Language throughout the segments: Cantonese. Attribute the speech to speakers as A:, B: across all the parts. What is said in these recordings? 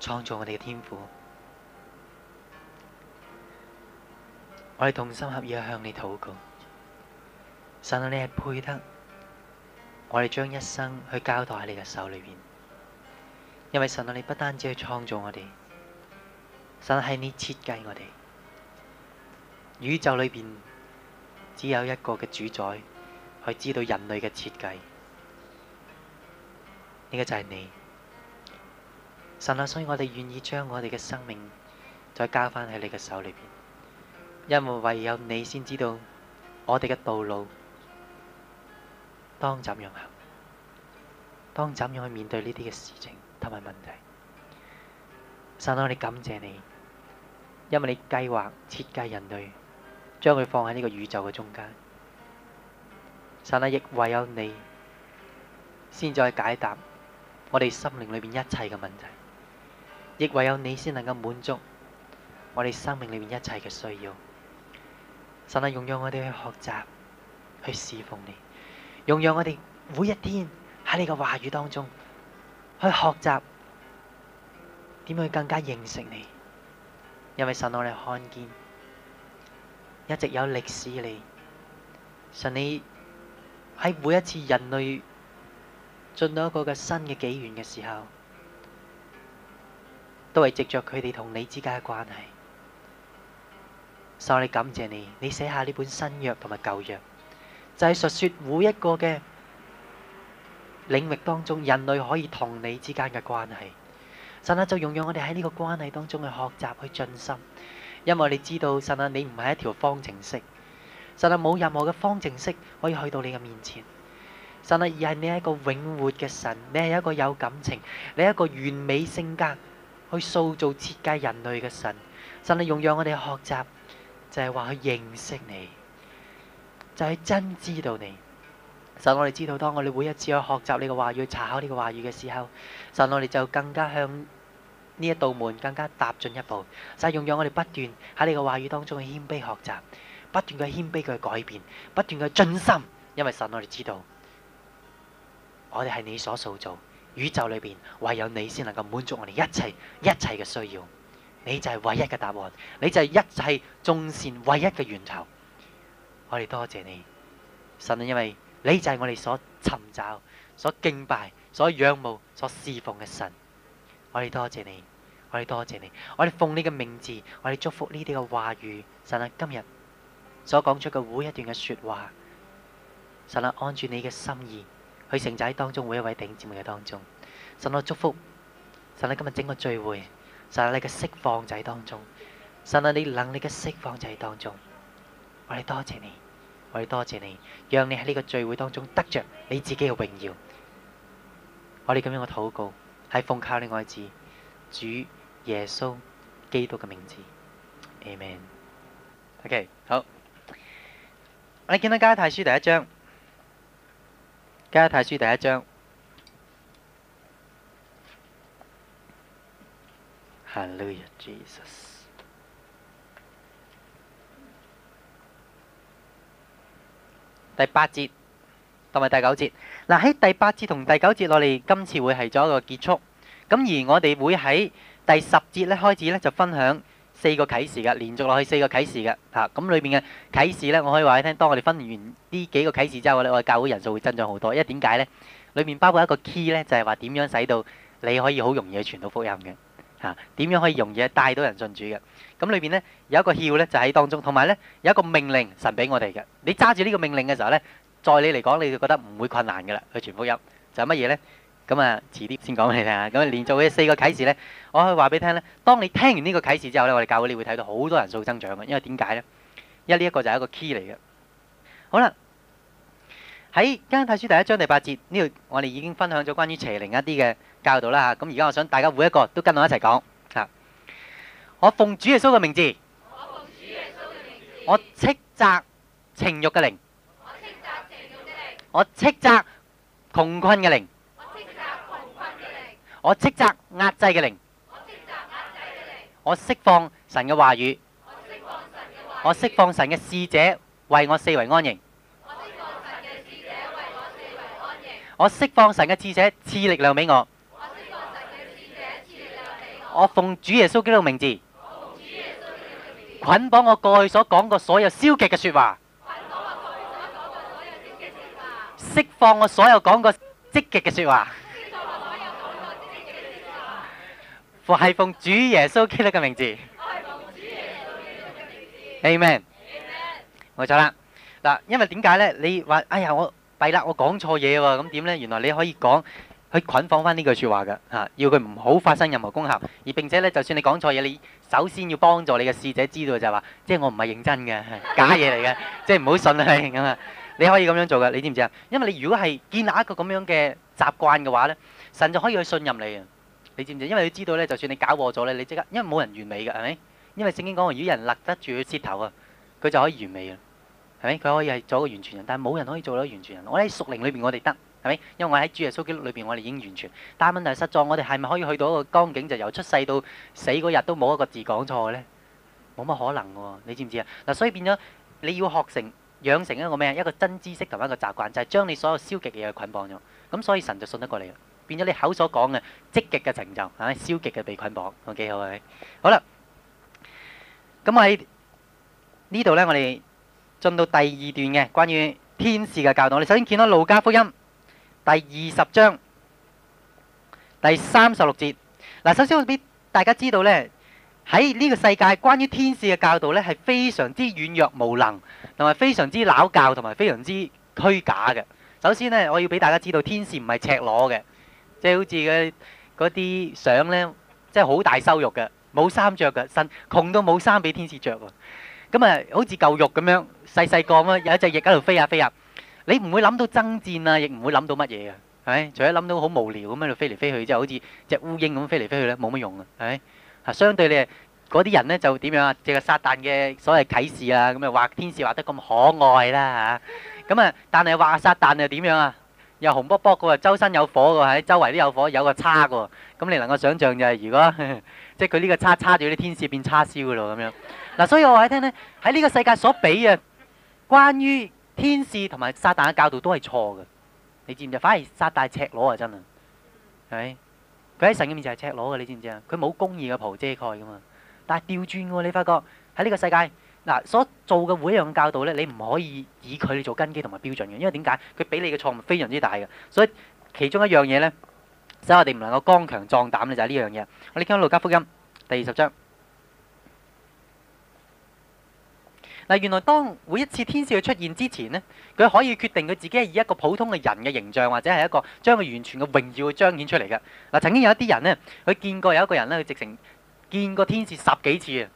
A: 創造我哋嘅天父，我哋同心合意向你禱告。神啊，你係配得，我哋將一生去交代喺你嘅手裏邊。因為神啊，你不單止去創造我哋，神啊，你設計我哋。宇宙裏邊只有一個嘅主宰，去知道人類嘅設計，呢個就係你。神啦、啊，所以我哋願意將我哋嘅生命再交翻喺你嘅手裏邊，因為唯有你先知道我哋嘅道路當怎樣行，當怎樣去面對呢啲嘅事情同埋問題。神啦、啊，我哋感謝你，因為你計劃設計人類，將佢放喺呢個宇宙嘅中間。神啦、啊，亦唯有你先再解答我哋心靈裏邊一切嘅問題。亦唯有你先能夠滿足我哋生命裏面一切嘅需要，神啊，容讓我哋去學習，去侍奉你，容讓我哋每一天喺你嘅話語當中去學習點樣去更加認識你，因為神我哋看見一直有歷史嚟，神你喺每一次人類進到一個嘅新嘅紀元嘅時候。都係藉著佢哋同你之間嘅關係，神啊，你感謝你，你寫下呢本新約同埋舊約，就係述說每一個嘅領域當中，人類可以同你之間嘅關係。神啊，就容讓我哋喺呢個關係當中去學習去進心，因為你知道神啊，你唔係一條方程式，神啊，冇任何嘅方程式可以去到你嘅面前。神啊，而係你係一個永活嘅神，你係一個有感情，你係一個完美性格。去塑造設計人類嘅神，神，神你用讓我哋學習，就係、是、話去認識你，就係、是、真知道你。神我哋知道，當我哋每一次去學習你嘅話語、去查考呢個話語嘅時候，神我哋就更加向呢一道門更加踏進一步。神用讓我哋不斷喺你嘅話語當中去謙卑學習，不斷嘅謙卑去改變，不斷嘅進心，因為神我哋知道，我哋係你所塑造。宇宙裏邊唯有你先能夠滿足我哋一切一切嘅需要，你就係唯一嘅答案，你就係一切眾善唯一嘅源頭。我哋多謝你，神啊！因為你就係我哋所尋找、所敬拜、所仰慕、所仰慕、所侍奉嘅神。我哋多謝你，我哋多謝你，我哋奉你嘅名字，我哋祝福呢啲嘅話語。神啊，今日所講出嘅每一段嘅說話，神啊，按住你嘅心意。去成仔當中每一位弟兄姊妹嘅當中，神我祝福，神你今日整個聚會，神你嘅釋放就喺當中，神你你能力嘅釋放就喺當中，我哋多謝你，我哋多謝你，讓你喺呢個聚會當中得着你自己嘅榮耀，我哋咁樣嘅禱告，係奉靠你愛子主耶穌基督嘅名字，amen。OK，好，我哋見到加拉泰書第一章。加太書第一章，哈利路亞，耶穌，第八節同埋第九節。嗱喺第八節同第九節，我哋今次會係做一個結束。咁而我哋會喺第十節呢開始呢就分享。四個啟示㗎，連續落去四個啟示㗎，嚇咁裏面嘅啟示呢，我可以話你聽，當我哋分完呢幾個啟示之後呢，我哋教會人數會增長好多，因為點解呢？裏面包括一個 key 呢，就係話點樣使到你可以好容易去傳到福音嘅，嚇、啊、點樣可以容易帶到人進主嘅？咁、啊、裏、嗯、面呢，有一個竅呢，就喺、是、當中，同埋呢有一個命令神俾我哋嘅，你揸住呢個命令嘅時候呢，在你嚟講你就覺得唔會困難嘅啦去傳福音，就係乜嘢呢？咁啊，遲啲先講俾你聽啊！咁連續嘅四個啟示咧，我可以話俾你聽咧。當你聽完呢個啟示之後咧，我哋教會你會睇到好多人數增長嘅，因為點解咧？因為呢一個就係一個 key 嚟嘅。好啦，喺《加拉太書》第一章第八節呢度，我哋已經分享咗關於邪靈一啲嘅教導啦嚇。咁而家我想大家每一個都跟我一齊講嚇。我奉主耶穌嘅名字，我奉主耶穌嘅名字，我斥責情慾嘅靈，我斥責情慾嘅靈，我斥責窮困嘅靈。我斥責壓制嘅靈，我釋放神嘅話語，我釋放神嘅使者為我四圍安營，我釋放神嘅使者為我四圍安營，我釋放神嘅使者賜力量俾我，我，我，我，我，我奉主耶穌基督名字，捆綁我過去所講過所有消極嘅說話，捆綁我過去所講過所有消極嘅說話，釋放我所有講過，過積極嘅說話。我係奉主耶穌基督嘅名字。奉主耶穌基督嘅名字。Amen。Amen。冇錯啦。嗱，因為點解咧？你話哎呀，我弊啦，我講錯嘢喎，咁點咧？原來你可以講去捆綁翻呢句說話噶吓，要佢唔好發生任何功效，而並且咧，就算你講錯嘢，你首先要幫助你嘅使者知道就係話，即係我唔係認真嘅假嘢嚟嘅，即係唔好信啊嘛。你可以咁樣做噶，你知唔知啊？因為你如果係建立一個咁樣嘅習慣嘅話咧，神就可以去信任你啊。你知唔知？因為你知道咧，就算你搞錯咗咧，你即刻，因為冇人完美嘅，係咪？因為聖經講話，如果人勒得住佢舌頭啊，佢就可以完美啊，係咪？佢可以係做一個完全人，但係冇人可以做到完全人。我喺屬靈裏邊，我哋得，係咪？因為我喺主耶穌基督裏邊，我哋已經完全。但係問題實在，我哋係咪可以去到一個光景，就由出世到死嗰日都冇一個字講錯嘅咧？冇乜可能喎！你知唔知啊？嗱，所以變咗你要學成養成一個咩？一個真知識同一個習慣，就係將你所有消極嘅嘢捆綁咗。咁所以神就信得過你啦。變咗你口所講嘅積極嘅成就，啊，消極嘅被捆綁，都幾好嘅。好啦，咁喺呢度咧，我哋進到第二段嘅關於天使嘅教導。我哋首先見到路加福音第二十章第三十六節嗱，首先我俾大家知道咧喺呢個世界關於天使嘅教導咧係非常之軟弱無能，同埋非常之惱教，同埋非常之虛假嘅。首先咧，我要俾大家知道，天使唔係赤裸嘅。即係好似嗰啲相呢，即係好大羞辱嘅，冇衫着嘅身，窮到冇衫俾天使着喎。咁、嗯、啊，好似舊肉咁樣，細細個啊，有一隻翼喺度飛啊飛啊。你唔會諗到爭戰啊，亦唔會諗到乜嘢嘅，係咪？除咗諗到好無聊咁喺度飛嚟飛去，之後好似隻烏蠅咁飛嚟飛去呢，冇乜用嘅，係咪？相對你嗰啲人呢，就點樣啊？即係撒旦嘅所謂啟示啊，咁啊畫天使畫得咁可愛啦、啊、嚇。咁啊，但係話撒旦又點樣啊？又紅卜卜嘅喎，周身有火嘅喎，喺周圍都有火，有個叉嘅喎。咁你能夠想像就係如果即係佢呢個叉叉住啲天使變叉燒嘅咯咁樣。嗱，所以我話你聽咧，喺呢個世界所比啊，關於天使同埋撒旦嘅教導都係錯嘅，你知唔知啊？反而撒旦赤裸啊真係，係咪？佢喺神嘅面前係赤裸嘅，你知唔知啊？佢冇公義嘅袍遮蓋嘅嘛。但係調轉嘅喎，你發覺喺呢個世界。嗱，所做嘅每一樣教導呢，你唔可以以佢做根基同埋標準嘅，因為點解？佢俾你嘅錯誤非常之大嘅，所以其中一樣嘢呢，使我哋唔能夠剛強壯膽嘅就係呢樣嘢。我哋傾到路加福音第二十章。嗱，原來當每一次天使嘅出現之前呢，佢可以決定佢自己係以一個普通嘅人嘅形象，或者係一個將佢完全嘅榮耀去彰顯出嚟嘅。嗱，曾經有一啲人呢，佢見過有一個人呢，佢直情見過天使十幾次嘅。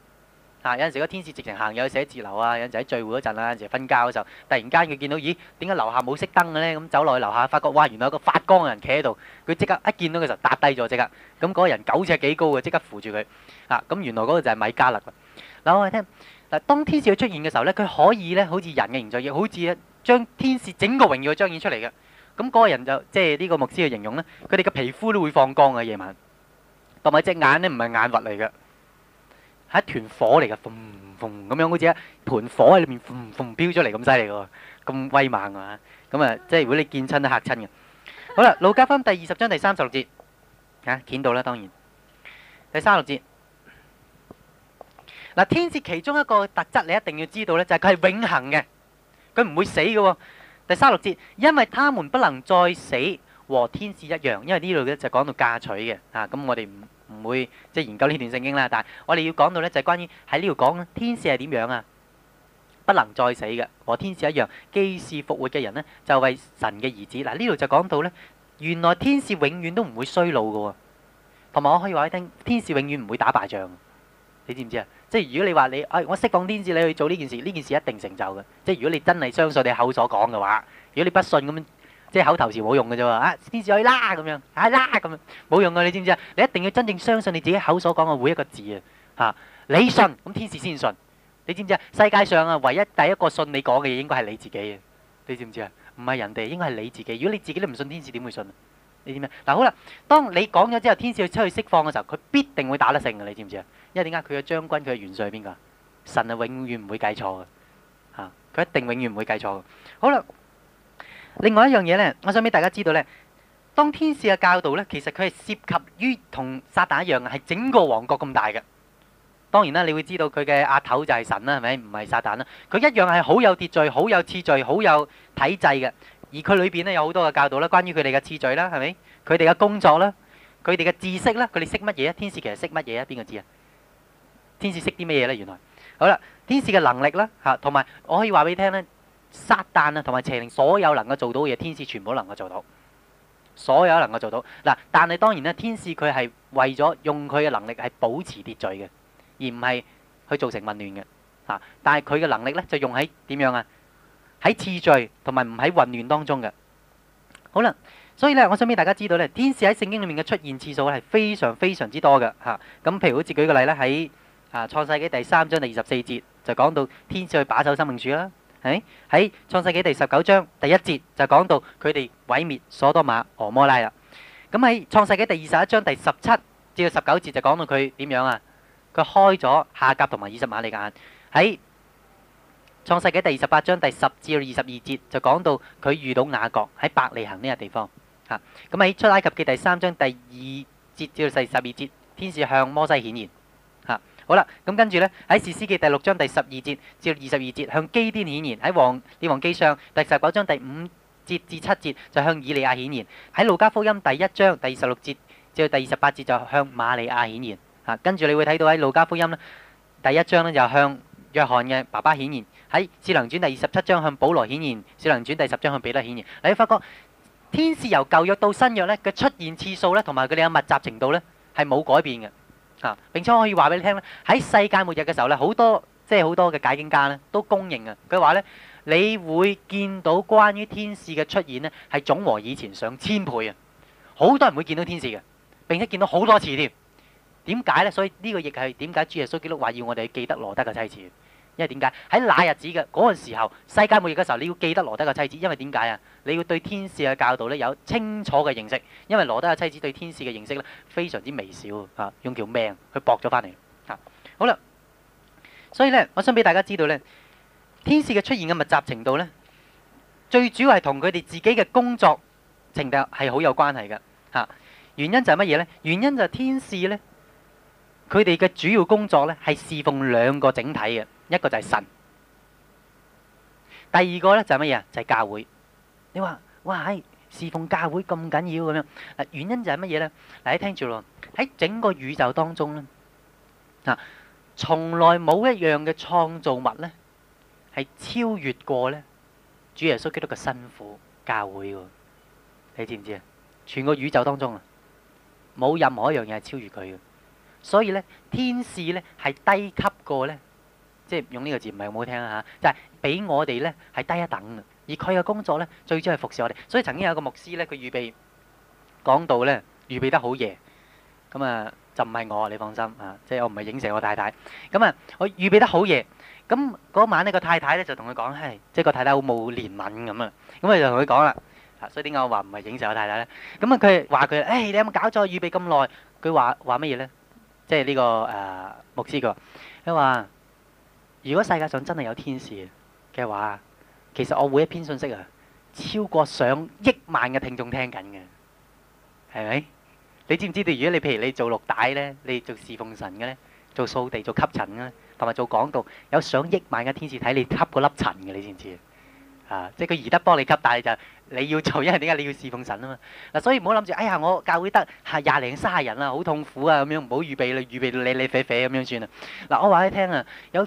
A: 啊！有陣時個天使直情行入去寫字樓啊，有陣時喺聚會嗰陣啊，有陣時瞓覺嘅時候，突然間佢見到，咦？點解樓下冇熄燈嘅咧？咁走落去樓下，發覺哇！原來有個發光嘅人企喺度，佢即刻一見到佢就跌低咗，即、啊、刻。咁、那、嗰個人九尺幾高嘅，即刻扶住佢。啊！咁、啊、原來嗰個就係米加勒。嗱、啊，我哋聽、啊，當天使出現嘅時候咧，佢可以咧，好似人嘅形象，亦好似將天使整個榮耀彰顯出嚟嘅。咁、啊、嗰、那個人就即係呢個牧師嘅形容咧，佢哋嘅皮膚都會放光嘅夜晚，同埋隻眼咧唔係眼核嚟嘅。一團火嚟㗎，蓬蓬咁樣好似一盆火喺裏面，蓬蓬飆出嚟咁犀利喎，咁威猛啊！咁啊，即係如果你見親都嚇親嘅。好啦，《路加福音》第二十章第三十六節，嚇，見到啦，當然。第三十六節，嗱，天使其中一個特質，你一定要知道呢，就係佢係永恆嘅，佢唔會死嘅。第三十六節，因為他們不能再死，和天使一樣，因為呢度呢就講到嫁娶嘅。嚇，咁我哋唔。唔會即係研究呢段聖經啦，但係我哋要講到呢，就係、是、關於喺呢度講天使係點樣啊，不能再死嘅，和天使一樣，既是復活嘅人呢，就為神嘅兒子。嗱，呢度就講到呢，原來天使永遠都唔會衰老噶、哦，同埋我可以話你聽，天使永遠唔會打敗仗。你知唔知啊？即係如果你話你，哎，我釋放天使，你去做呢件事，呢件事一定成就嘅。即係如果你真係相信你口所講嘅話，如果你不信咁即係口頭禪冇用嘅啫喎，天使去啦咁樣，係啦咁樣，冇用嘅你知唔知啊？你一定要真正相信你自己口所講嘅每一個字啊！嚇，你信咁天使先信，你知唔知啊？世界上啊，唯一第一個信你講嘅嘢應該係你自己嘅，你知唔知啊？唔係人哋，應該係你自己。如果你自己都唔信天使，點會信啊？你知咩？嗱、啊、好啦，當你講咗之後，天使要出去釋放嘅時候，佢必定會打得勝嘅，你知唔知啊？因為點解佢嘅將軍，佢嘅元帥係邊個？神係永遠唔會計錯嘅嚇，佢、啊、一定永遠唔會計錯嘅、啊。好啦。另外一樣嘢呢，我想俾大家知道呢，當天使嘅教導呢，其實佢係涉及於同撒旦一樣，係整個王國咁大嘅。當然啦，你會知道佢嘅阿頭就係神啦，係咪？唔係撒旦啦。佢一樣係好有秩序、好有次序、好有體制嘅。而佢裏邊呢，有好多嘅教導啦，關於佢哋嘅次序啦，係咪？佢哋嘅工作啦，佢哋嘅知識啦，佢哋識乜嘢啊？天使其實識乜嘢啊？邊個知啊？天使識啲乜嘢呢？原來好啦，天使嘅能力啦，嚇，同埋我可以話俾你聽呢。撒旦啊，同埋邪靈，所有能夠做到嘅嘢，天使全部能夠做到，所有能夠做到嗱。但係當然咧，天使佢係為咗用佢嘅能力係保持秩序嘅，而唔係去造成混亂嘅吓。但係佢嘅能力咧就用喺點樣啊？喺秩序同埋唔喺混亂當中嘅。好啦，所以咧，我想俾大家知道咧，天使喺聖經裏面嘅出現次數係非常非常之多嘅吓。咁，啊，譬如好似舉個例咧，喺，啊，創世紀第三章第二十四節就講到天使去把守生命樹啦。喺喺創世紀第十九章第一節就講到佢哋毀滅所多瑪，俄摩拉啦。咁喺創世紀第二十一章第十七至到十九節就講到佢點樣啊？佢開咗夏甲同埋以實瑪利嘅眼。喺創世紀第二十八章第十至到二十二節就講到佢遇到雅各喺百利行呢個地方嚇。咁喺出埃及記第三章第二節至到第十二節，天使向摩西顯現。好啦，咁跟住呢，喺《士師記》第六章第十二節至二十二節，向基甸顯現；喺《王，列王紀上》第十九章第五節至七節，就向以利亞顯現；喺《路加福音》第一章第二十六節至到第二十八節，就向馬利亞顯現。啊，跟住你會睇到喺《路加福音》呢，第一章呢就向約翰嘅爸爸顯現；喺《使徒行傳》第二十七章向保羅顯現，《使徒行傳》第十章向彼得顯現。你你發覺天使由舊約到新約呢，佢出現次數呢，同埋佢哋嘅密集程度呢，係冇改變嘅。啊！並且我可以話俾你聽咧，喺世界末日嘅時候咧，好多即係好多嘅解經家咧，都公認嘅。佢話咧，你會見到關於天使嘅出現咧，係總和以前上千倍啊！好多人會見到天使嘅，並且見到好多次添。點解咧？所以呢個亦係點解主耶穌基督話要我哋記得羅得嘅妻子。因為點解喺那日子嘅嗰個時候，世界末日嘅時候，你要記得羅德嘅妻子。因為點解啊？你要對天使嘅教導咧有清楚嘅認識。因為羅德嘅妻子對天使嘅認識咧非常之微小啊，用條命去搏咗翻嚟啊。好啦，所以咧，我想俾大家知道咧，天使嘅出現嘅密集程度咧，最主要係同佢哋自己嘅工作程度係好有關係嘅嚇，啊。原因就係乜嘢咧？原因就係天使咧，佢哋嘅主要工作咧係侍奉兩個整體嘅。一個就係神，第二個咧就係乜嘢啊？就係教會。你話哇，唉，侍奉教會咁緊要咁樣。嗱，原因就係乜嘢咧？嗱，你聽住咯。喺整個宇宙當中咧，嗱，從來冇一樣嘅創造物咧係超越過咧主耶穌基督嘅新婦教會嘅。你知唔知啊？全個宇宙當中啊，冇任何一樣嘢係超越佢嘅。所以咧，天使咧係低級過咧。即係用呢個字唔係咁好聽啊！就係俾我哋咧係低一等嘅，而佢嘅工作咧最主要係服侍我哋。所以曾經有個牧師咧，佢預備講道咧，預備得好夜。咁啊，就唔係我，你放心啊，即係我唔係影射我太太。咁啊，我預備得好夜。咁嗰晚咧，個太太咧就同佢講：，唉，即係個太太好冇憐憫咁啊！咁啊，就同佢講啦。啊，所以點解我話唔係影射我太太咧？咁啊，佢話佢：，唉，你有冇搞錯？預備咁耐，佢話話乜嘢咧？即係呢個誒牧師佢話，佢話。如果世界上真係有天使嘅話，其實我每一篇信息啊，超過上億萬嘅聽眾聽緊嘅，係咪？你知唔知道？如果你譬如你做綠帶呢，你做侍奉神嘅呢，做掃地做吸塵啊，同埋做講道，有上億萬嘅天使睇你吸嗰粒塵嘅，你知唔知？啊，即係佢宜得幫你吸，但係就你要做，因為點解你要侍奉神啊嘛？嗱、啊，所以唔好諗住，哎呀，我教會得係廿零卅人啦、啊，好痛苦啊咁樣，唔好預備啦，預備你你肥肥咁樣算啦。嗱、啊，我話你聽啊，有。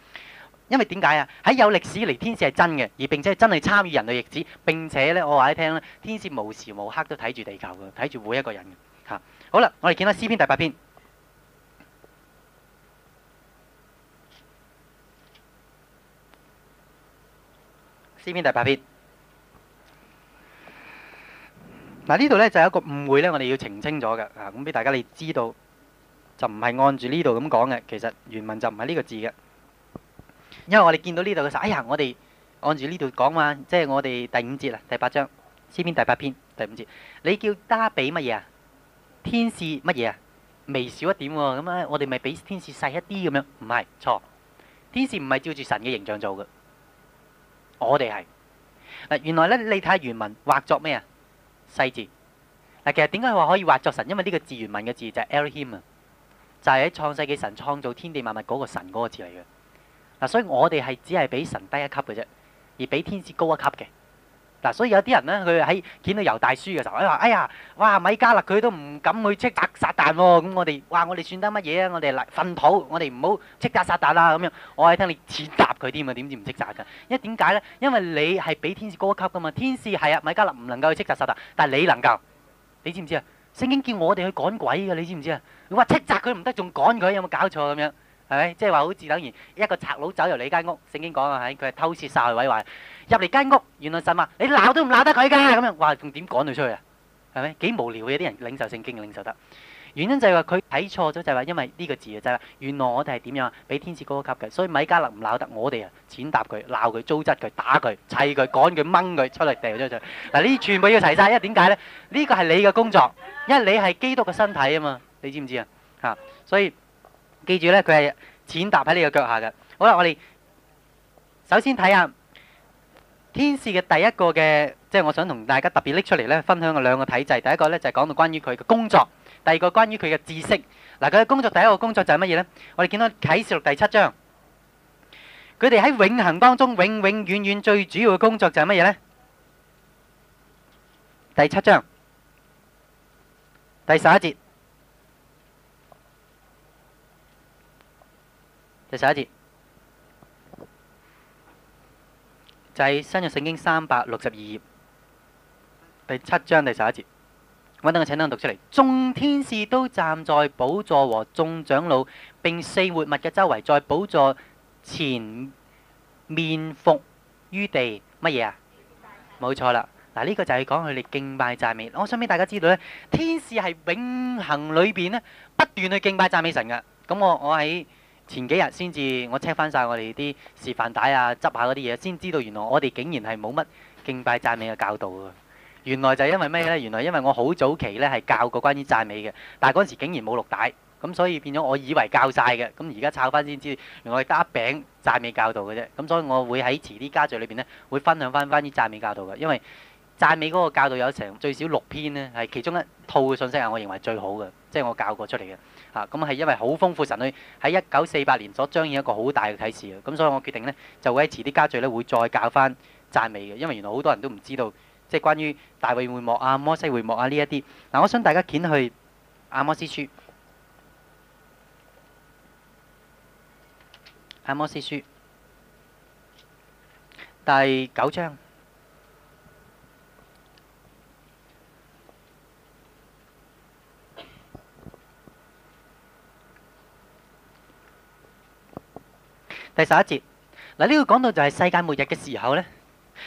A: 因為點解啊？喺，有歷史嚟，天使係真嘅，而並且係真係參與人類歷史，並且呢，我話你聽呢，天使無時無刻都睇住地球嘅，睇住每一個人嘅。吓、啊，好啦，我哋見翻詩篇第八篇。詩篇第八篇，嗱呢度呢，就有、是、一個誤會呢，我哋要澄清咗嘅。咁、啊、俾大家你知道，就唔係按住呢度咁講嘅，其實原文就唔係呢個字嘅。因為我哋見到呢度嘅時候，哎呀！我哋按住呢度講嘛，即係我哋第五節啊，第八章先篇第八篇第五節。你叫加比乜嘢啊？天使乜嘢啊？微小一點喎、哦，咁咧我哋咪俾天使細一啲咁樣？唔係錯，天使唔係照住神嘅形象做嘅，我哋係嗱。原來咧，你睇下原文畫作咩啊？細字嗱，其實點解話可以畫作神？因為呢個字原文嘅字就係 Elohim 啊，就係喺創世記神創造天地萬物嗰個神嗰個字嚟嘅。嗱，所以我哋係只係比神低一級嘅啫，而比天使高一級嘅。嗱，所以有啲人咧，佢喺見到猶大書嘅時候，哎話，哎呀，哇，米迦勒佢都唔敢去斥責撒但喎。咁我哋，哇，我哋算得乜嘢啊？我哋嚟糞土，我哋唔好斥責撒但啊，咁樣。我係聽你斥責佢添啊，點知唔斥責㗎？因為點解咧？因為你係比天使高一級㗎嘛。天使係啊，米迦勒唔能夠去斥責撒但，但係你能夠。你知唔知啊？聖經叫我哋去趕鬼嘅，你知唔知啊？我話斥責佢唔得，仲趕佢，有冇搞錯咁樣？係咪？即係話好似等於一個賊佬走入你間屋，聖經講啊，係佢係偷竊、殺害、毀壞。入嚟間屋，原來神話你鬧都唔鬧得佢噶咁樣話仲點趕佢出去啊？係咪？幾無聊嘅。啲人領受聖經嘅領受得，原因就係話佢睇錯咗，就係話因為呢個字就係話原來我哋係點樣啊？比天使高一級嘅，所以米迦勒唔鬧得，我哋啊，踐踏佢、鬧佢、糟質佢、打佢、砌佢、趕佢、掹佢出嚟，掟出去。嗱，呢全部要齊晒，因為點解呢？呢個係你嘅工作，因為你係基督嘅身體啊嘛，你知唔知啊？吓，所以。記住咧，佢係錢踏喺你嘅腳下嘅。好啦，我哋首先睇下天使嘅第一個嘅，即係我想同大家特別拎出嚟咧，分享嘅兩個體制。第一個咧就係講到關於佢嘅工作，第二個關於佢嘅知識。嗱，佢嘅工作第一個工作就係乜嘢咧？我哋見到啟示錄第七章，佢哋喺永恆當中永永遠遠最主要嘅工作就係乜嘢咧？第七章第十一節。第十一節，就喺、是、新約聖經三百六十二頁第七章第十一節，我等我請人讀出嚟。眾天使都站在寶座和眾長老並四活物嘅周圍，在寶座前面伏於地。乜嘢啊？冇錯啦。嗱，呢、這個就係講佢哋敬拜讚美。我想俾大家知道呢，天使係永恆裏邊咧不斷去敬拜讚美神嘅。咁我我喺。前幾日先至我 check 翻曬我哋啲示範帶啊，執下嗰啲嘢，先知道原來我哋竟然係冇乜敬拜讚美嘅教導啊！原來就因為咩呢？原來因為我好早期呢係教過關於讚美嘅，但係嗰陣時竟然冇錄帶，咁所以變咗我以為教晒嘅，咁而家抄翻先知，原來得一餅讚美教導嘅啫。咁所以我會喺遲啲家聚裏邊呢會分享翻關於讚美教導嘅，因為讚美嗰個教導有成最少六篇呢，係其中一套嘅信息係我認為最好嘅，即係我教過出嚟嘅。嚇，咁係因為好豐富，神女喺一九四八年所彰顯一個好大嘅啟示嘅。咁所以我決定呢就會喺遲啲加聚呢會再教翻讚美嘅，因為原來好多人都唔知道即係關於大衛會幕啊、摩西會幕啊呢一啲。嗱，我想大家掀去阿摩司書，阿摩司書第九章。第十一節，嗱，呢個講到就係世界末日嘅時候呢。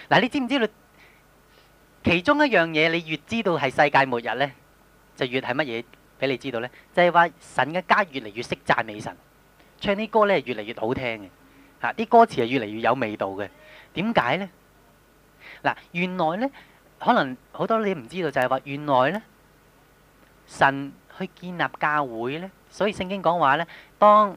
A: 嗱，你知唔知道？其中一樣嘢，你越知道係世界末日呢，就越係乜嘢俾你知道呢？就係話神嘅家越嚟越識讚美神，唱啲歌呢，越嚟越好聽嘅吓，啲歌詞係越嚟越有味道嘅。點解呢？嗱，原來呢，可能好多你唔知道就係話原來呢，神去建立教會呢。所以聖經講話呢，當。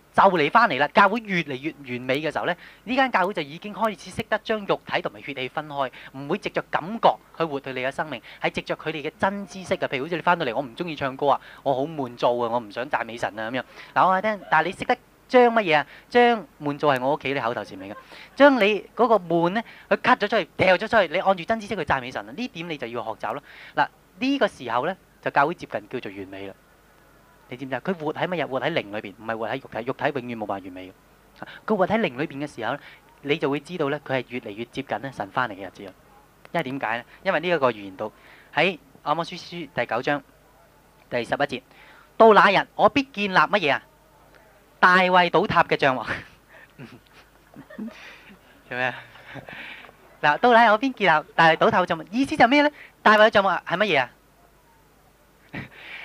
A: 就嚟翻嚟啦！教會越嚟越完美嘅時候呢，呢間教會就已經開始識得將肉體同埋血氣分開，唔會藉着感覺去活到你嘅生命，喺藉着佢哋嘅真知識啊。譬如好似你翻到嚟，我唔中意唱歌啊，我好悶做啊，我唔想讚美神啊咁樣。嗱，我係聽，但係你識得將乜嘢啊？將悶做係我屋企你口頭前面嘅，將你嗰個悶咧，佢 cut 咗出去，掉咗出去，你按住真知識去讚美神啊！呢點你就要學習咯。嗱，呢個時候呢，就教會接近叫做完美啦。你知唔知啊？佢活喺乜嘢？活喺靈裏邊，唔係活喺肉體。肉體永遠冇話完美嘅。佢活喺靈裏邊嘅時候咧，你就會知道咧，佢係越嚟越接近咧神翻嚟嘅日子啦。因為點解咧？因為呢一個預言到喺《阿摩書》書第九章第十一節，到那日我必建立乜嘢啊？大衛倒塌嘅帳幕。做咩啊？嗱，到那日我必建立大衛倒塌嘅帳幕。意思就咩咧？大衛嘅帳幕係乜嘢啊？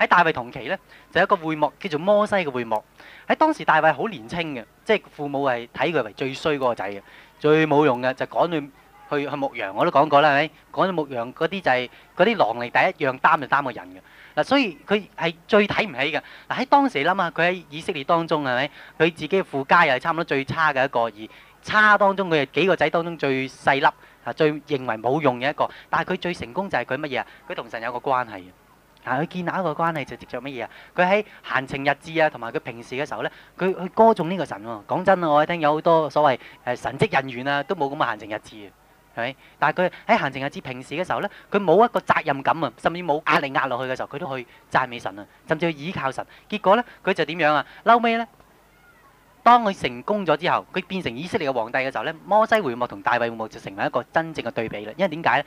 A: 喺大衛同期呢，就有一個會幕叫做摩西嘅會幕。喺當時大衛好年青嘅，即係父母係睇佢為最衰嗰個仔嘅，最冇用嘅就趕佢去去牧羊。我都講過啦，係咪趕去牧羊嗰啲就係嗰啲狼嚟，第一樣擔就擔個人嘅嗱、啊。所以佢係最睇唔起嘅嗱。喺、啊、當時諗啊，佢喺以色列當中係咪佢自己嘅父家又係差唔多最差嘅一個，而差當中佢係幾個仔當中最細粒啊，最認為冇用嘅一個。但係佢最成功就係佢乜嘢啊？佢同神有個關係嘅。但佢建立一個關係就接著乜嘢啊？佢喺閒情逸致啊，同埋佢平時嘅時候咧，佢去歌頌呢個神喎。講真啊，我聽有好多所謂誒神職人員啊，都冇咁嘅閒情逸致嘅，係咪？但係佢喺閒情逸致平時嘅時候咧，佢冇一個責任感啊，甚至冇壓力壓落去嘅時候，佢都去讚美神啊，甚至去倚靠神。結果咧，佢就點樣啊？嬲尾咧，當佢成功咗之後，佢變成以色列嘅皇帝嘅時候咧，摩西會幕同大衛會幕就成為一個真正嘅對比啦。因為點解咧？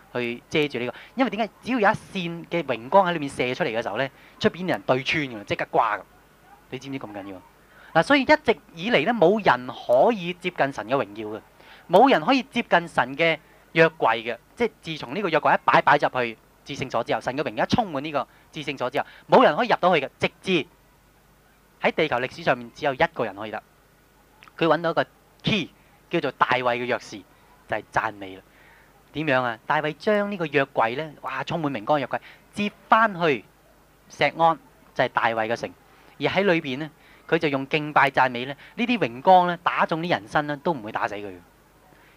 A: 去遮住呢個，因為點解？只要有一線嘅榮光喺裏面射出嚟嘅時候咧，出邊啲人對穿嘅，即刻掛。噉你知唔知咁緊要？嗱，所以一直以嚟咧，冇人可以接近神嘅榮耀嘅，冇人可以接近神嘅約櫃嘅。即係自從呢個約櫃一擺擺入去至聖所之後，神嘅榮耀一充滿呢個至聖所之後，冇人可以入到去嘅。直至喺地球歷史上面，只有一個人可以得，佢揾到一個 key 叫做大衛嘅鑰匙，就係讚美啦。點樣啊？大衛將呢個約櫃呢，哇，充滿明光約櫃，接翻去錫安就係、是、大衛嘅城。而喺裏邊呢，佢就用敬拜讚美呢，呢啲榮光呢，打中啲人身呢，都唔會打死佢。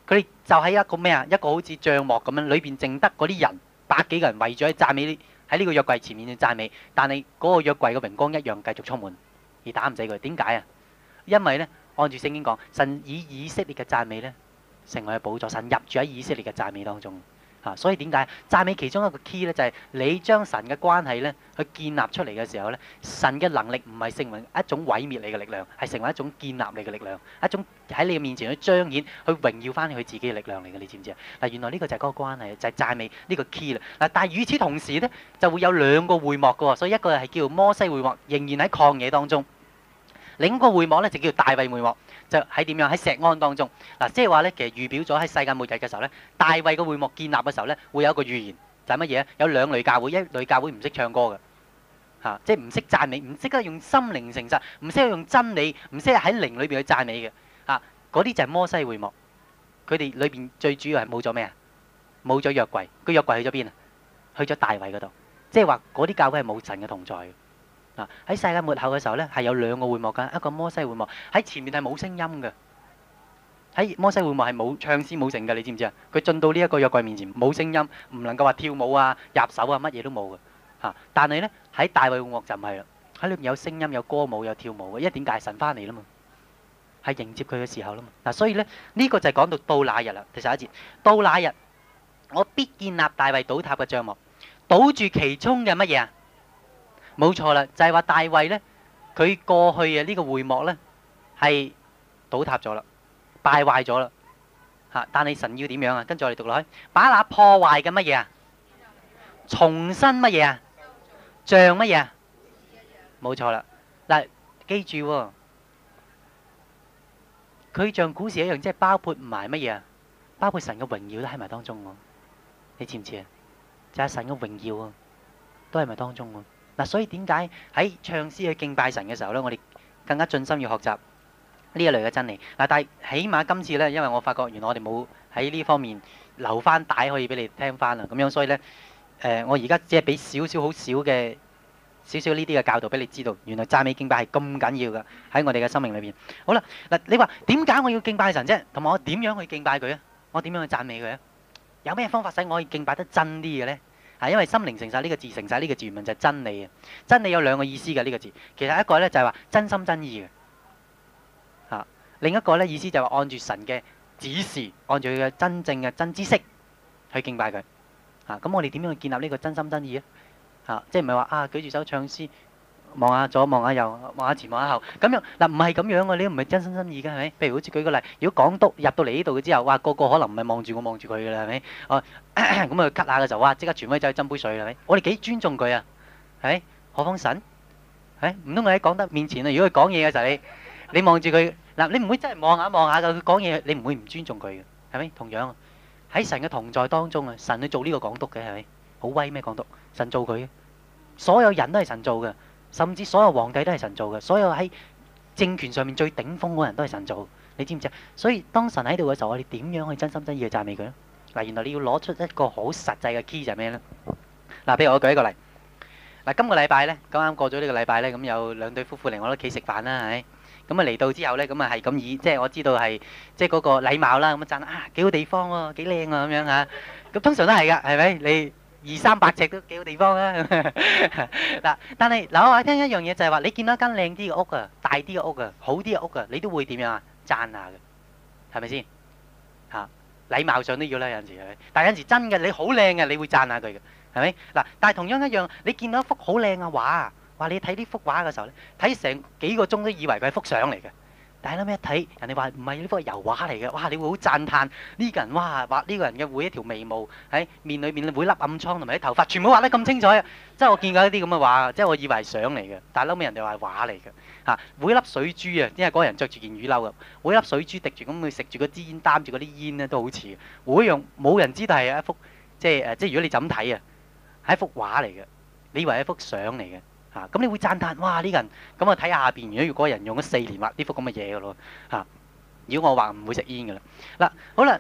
A: 佢哋就喺一個咩啊？一個好似帳幕咁樣，裏邊淨得嗰啲人百幾個人圍咗喺讚美呢。喺呢個約櫃前面嘅讚美。但係嗰個約櫃嘅榮光一樣繼續充滿而打唔死佢。點解啊？因為呢，按住聖經講，神以以色列嘅讚美呢，成為嘅寶座，神入住喺以色列嘅讚美當中，嚇、啊！所以點解讚美其中一個 key 咧，就係你將神嘅關係咧，去建立出嚟嘅時候咧，神嘅能力唔係成為一種毀滅你嘅力量，係成為一種建立你嘅力量，一種喺你面前去彰顯、去榮耀翻佢自己嘅力量嚟嘅，你知唔知啊？嗱，原來呢個就係嗰個關係，就係、是、讚美呢個 key 啦。嗱、啊，但係與此同時咧，就會有兩個會幕嘅喎、哦，所以一個係叫摩西會幕，仍然喺曠野當中。另一個會幕咧就叫大衛會幕，就喺點樣喺錫安當中嗱，即係話咧其實預表咗喺世界末日嘅時候咧，大衛嘅會幕建立嘅時候咧，會有一個預言就係乜嘢咧？有兩類教會，一類教會唔識唱歌嘅吓，即係唔識讚美，唔識得用心靈誠實，唔識用真理，唔識喺靈裏邊去讚美嘅吓，嗰啲就係摩西會幕，佢哋裏邊最主要係冇咗咩啊？冇咗約櫃，個約櫃去咗邊啊？去咗大衛嗰度，即係話嗰啲教會係冇神嘅同在。啊！喺世界末後嘅時候咧，係有兩個會幕噶，一個摩西會幕喺前面係冇聲音嘅，喺摩西會幕係冇唱詩冇成嘅，你知唔知啊？佢進到呢一個約櫃面前冇聲音，唔能夠話跳舞啊、入手啊，乜嘢都冇嘅。吓，但係咧喺大衛會幕就唔係啦，喺裏邊有聲音、有歌舞、有跳舞嘅，因為點解神翻嚟啦嘛？係迎接佢嘅時候啦嘛。嗱，所以咧呢個就係講到到那日啦，第十一節，到那日我必建立大衛倒塌嘅帳幕，堵住其中嘅乜嘢啊？冇錯啦，就係話大衛咧，佢過去啊呢個會幕咧係倒塌咗啦，敗壞咗啦，吓！但係神要點樣啊？跟住我哋讀落去，把那破壞嘅乜嘢啊，重新乜嘢啊，像乜嘢啊？冇錯啦，嗱，記住，佢像古時一樣，即係包括埋乜嘢啊？包括神嘅榮耀都喺埋當中嘅，你知唔知啊？就係神嘅榮耀啊，都喺埋當中嘅。嗱、啊，所以點解喺唱詩去敬拜神嘅時候咧，我哋更加盡心要學習呢一類嘅真理。嗱、啊，但係起碼今次咧，因為我發覺原來我哋冇喺呢方面留翻帶可以俾你聽翻啦。咁樣所以咧，誒、呃，我而家即係俾少少好少嘅少少呢啲嘅教導俾你知道，原來讚美敬拜係咁緊要噶，喺我哋嘅生命裏面。好啦，嗱、啊，你話點解我要敬拜神啫？同埋我點樣去敬拜佢啊？我點樣去讚美佢啊？有咩方法使我可以敬拜得真啲嘅咧？因為心靈誠實呢個字，誠實呢個字原文就係真理嘅。真理有兩個意思嘅呢個字，其實一個咧就係話真心真意嘅，啊，另一個咧意思就係按住神嘅指示，按住佢嘅真正嘅真知識去敬拜佢。啊，咁我哋點樣去建立呢個真心真意咧？啊，即係唔係話啊舉住手唱詩。望下左，望下右，望下前，望下後，咁樣嗱，唔係咁樣嘅，你都唔係真心真意嘅，係咪？譬如好似舉個例，如果港督入到嚟呢度嘅之後，哇，個個可能唔係望住我望住佢嘅啦，係咪？哦，咁啊，咳下嘅時候哇，即刻全威仔斟杯水，係咪？我哋幾尊重佢啊？係，何況神？誒，唔通我喺港督面前啊？如果佢講嘢嘅時候，你你望住佢嗱，你唔會真係望下望下嘅，佢講嘢，你唔會唔尊重佢嘅，係咪？同樣喺神嘅同在當中啊，神去做呢個港督嘅，係咪？好威咩港督？神做佢，所有人都係神做嘅。甚至所有皇帝都係神做嘅，所有喺政權上面最頂峰嗰人都係神做，你知唔知啊？所以當神喺度嘅時候，你點樣去真心真意去讚美佢呢？嗱、啊，原來你要攞出一個好實際嘅 key 就係咩呢？嗱、啊，譬如我舉一個例，嗱、啊，今個禮拜呢，咁啱過咗呢個禮拜呢，咁、嗯、有兩對夫婦嚟我屋企食飯啦，咁啊嚟到之後呢，咁啊係咁以，即、就、係、是、我知道係即係嗰個禮貌啦，咁、嗯、啊讚啊幾好地方喎、啊，幾靚啊咁樣嚇、啊，咁、啊、通常都係噶，係咪你？二三百尺都幾好地方啊！嗱，但係嗱，我話聽一樣嘢就係話，你見到一間靚啲嘅屋啊，大啲嘅屋啊，好啲嘅屋啊，你都會點樣啊？讚下嘅，係咪先？嚇，禮貌上都要啦，有陣時。但係有陣時真嘅，你好靚嘅，你會讚下佢嘅，係咪？嗱，但係同樣一樣，你見到一幅好靚嘅畫，話你睇呢幅畫嘅時候咧，睇成幾個鐘都以為佢係幅相嚟嘅。但係你諗一睇人哋話唔係呢幅油畫嚟嘅，哇！你會好讚歎呢、這個人，哇！畫呢、這個人嘅每一條眉毛喺面裏面，每粒暗瘡同埋啲頭髮，全部畫得咁清楚啊！即係我見過一啲咁嘅畫，即係我以為係相嚟嘅。但係諗下人哋話係畫嚟嘅嚇？每一粒水珠啊，因為嗰人着住件雨褸啊，每一粒水珠滴住咁去食住嗰支煙，擔住嗰啲煙咧都好似，每樣冇人知道係一幅，即係即係如果你就睇啊，係一幅畫嚟嘅，你以為係一,一幅相嚟嘅。嚇！咁你會讚歎哇！呢個人咁啊，睇下邊。如果嗰個人用咗四年畫呢幅咁嘅嘢嘅咯嚇。如果我話唔會食煙嘅啦。嗱好啦，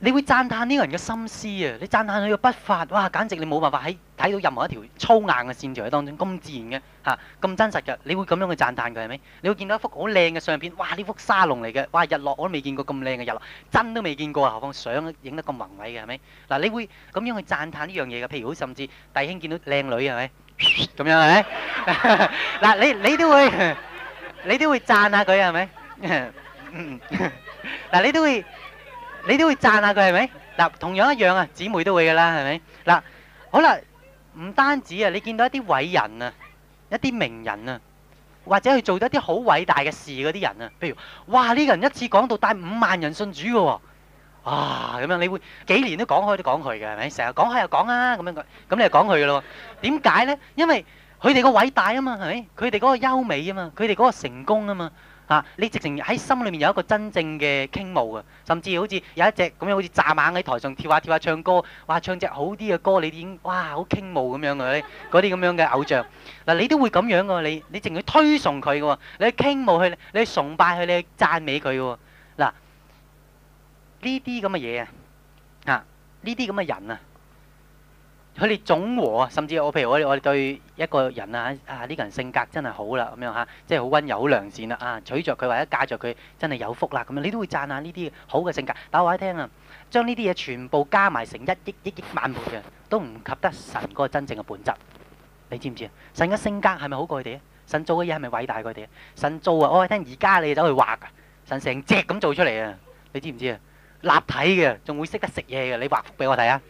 A: 你會讚歎呢個人嘅心思啊！你讚歎佢嘅筆法哇！簡直你冇辦法喺睇到任何一條粗硬嘅線條喺當中咁自然嘅嚇咁真實嘅。你會咁樣去讚歎佢係咪？你會見到一幅好靚嘅相片哇！呢幅沙龍嚟嘅哇！日落我都未見過咁靚嘅日落，真都未見過，何況相影得咁宏偉嘅係咪？嗱，你會咁樣去讚歎呢樣嘢嘅。譬如好，甚至弟兄見到靚女係咪？咁樣係咪？嗱，你你都會，你都會讚下佢係咪？嗱，你都會，你都會讚下佢係咪？嗱，同樣一樣啊，姊妹都會噶啦，係咪？嗱，好啦，唔單止啊，你見到一啲偉人啊，一啲名人啊，或者去做咗一啲好偉大嘅事嗰啲人啊，譬如，哇，呢個人一次講到帶五萬人信主噶喎。啊，咁樣你會幾年都講開都講佢嘅，係咪？成日講開又講啊，咁樣講，咁你就講佢嘅咯。點解呢？因為佢哋個偉大啊嘛，係咪？佢哋個優美啊嘛，佢哋個成功啊嘛。嚇，你直情喺心裏面有一個真正嘅傾慕啊，甚至好似有一隻咁樣好似蚱蜢喺台上跳下跳下唱歌，哇，唱隻好啲嘅歌，你已經？哇，好傾慕咁樣嗰啲嗰啲咁樣嘅偶像。嗱，你都會咁樣嘅喎，你你淨係推崇佢嘅喎，你去傾慕佢，你去崇拜佢，你去讚美佢嘅喎。呢啲咁嘅嘢啊，啊呢啲咁嘅人啊，佢哋總和啊，甚至我譬如我我對一個人啊啊，呢、這個人性格真係好啦，咁樣吓、啊，即係好溫柔、好良善啦啊，娶着佢或者嫁着佢真係有福啦咁樣，你都會讚下呢啲好嘅性格。但我話你聽啊，將呢啲嘢全部加埋成一億億億萬倍嘅，都唔及得神嗰個真正嘅本質。你知唔知啊？神嘅性格係咪好過佢哋啊？神做嘅嘢係咪偉大過佢哋啊？神做啊，我話你聽，而家你走去畫啊，神成隻咁做出嚟啊，你知唔知啊？立體嘅，仲會識得食嘢嘅。你畫幅俾我睇啊，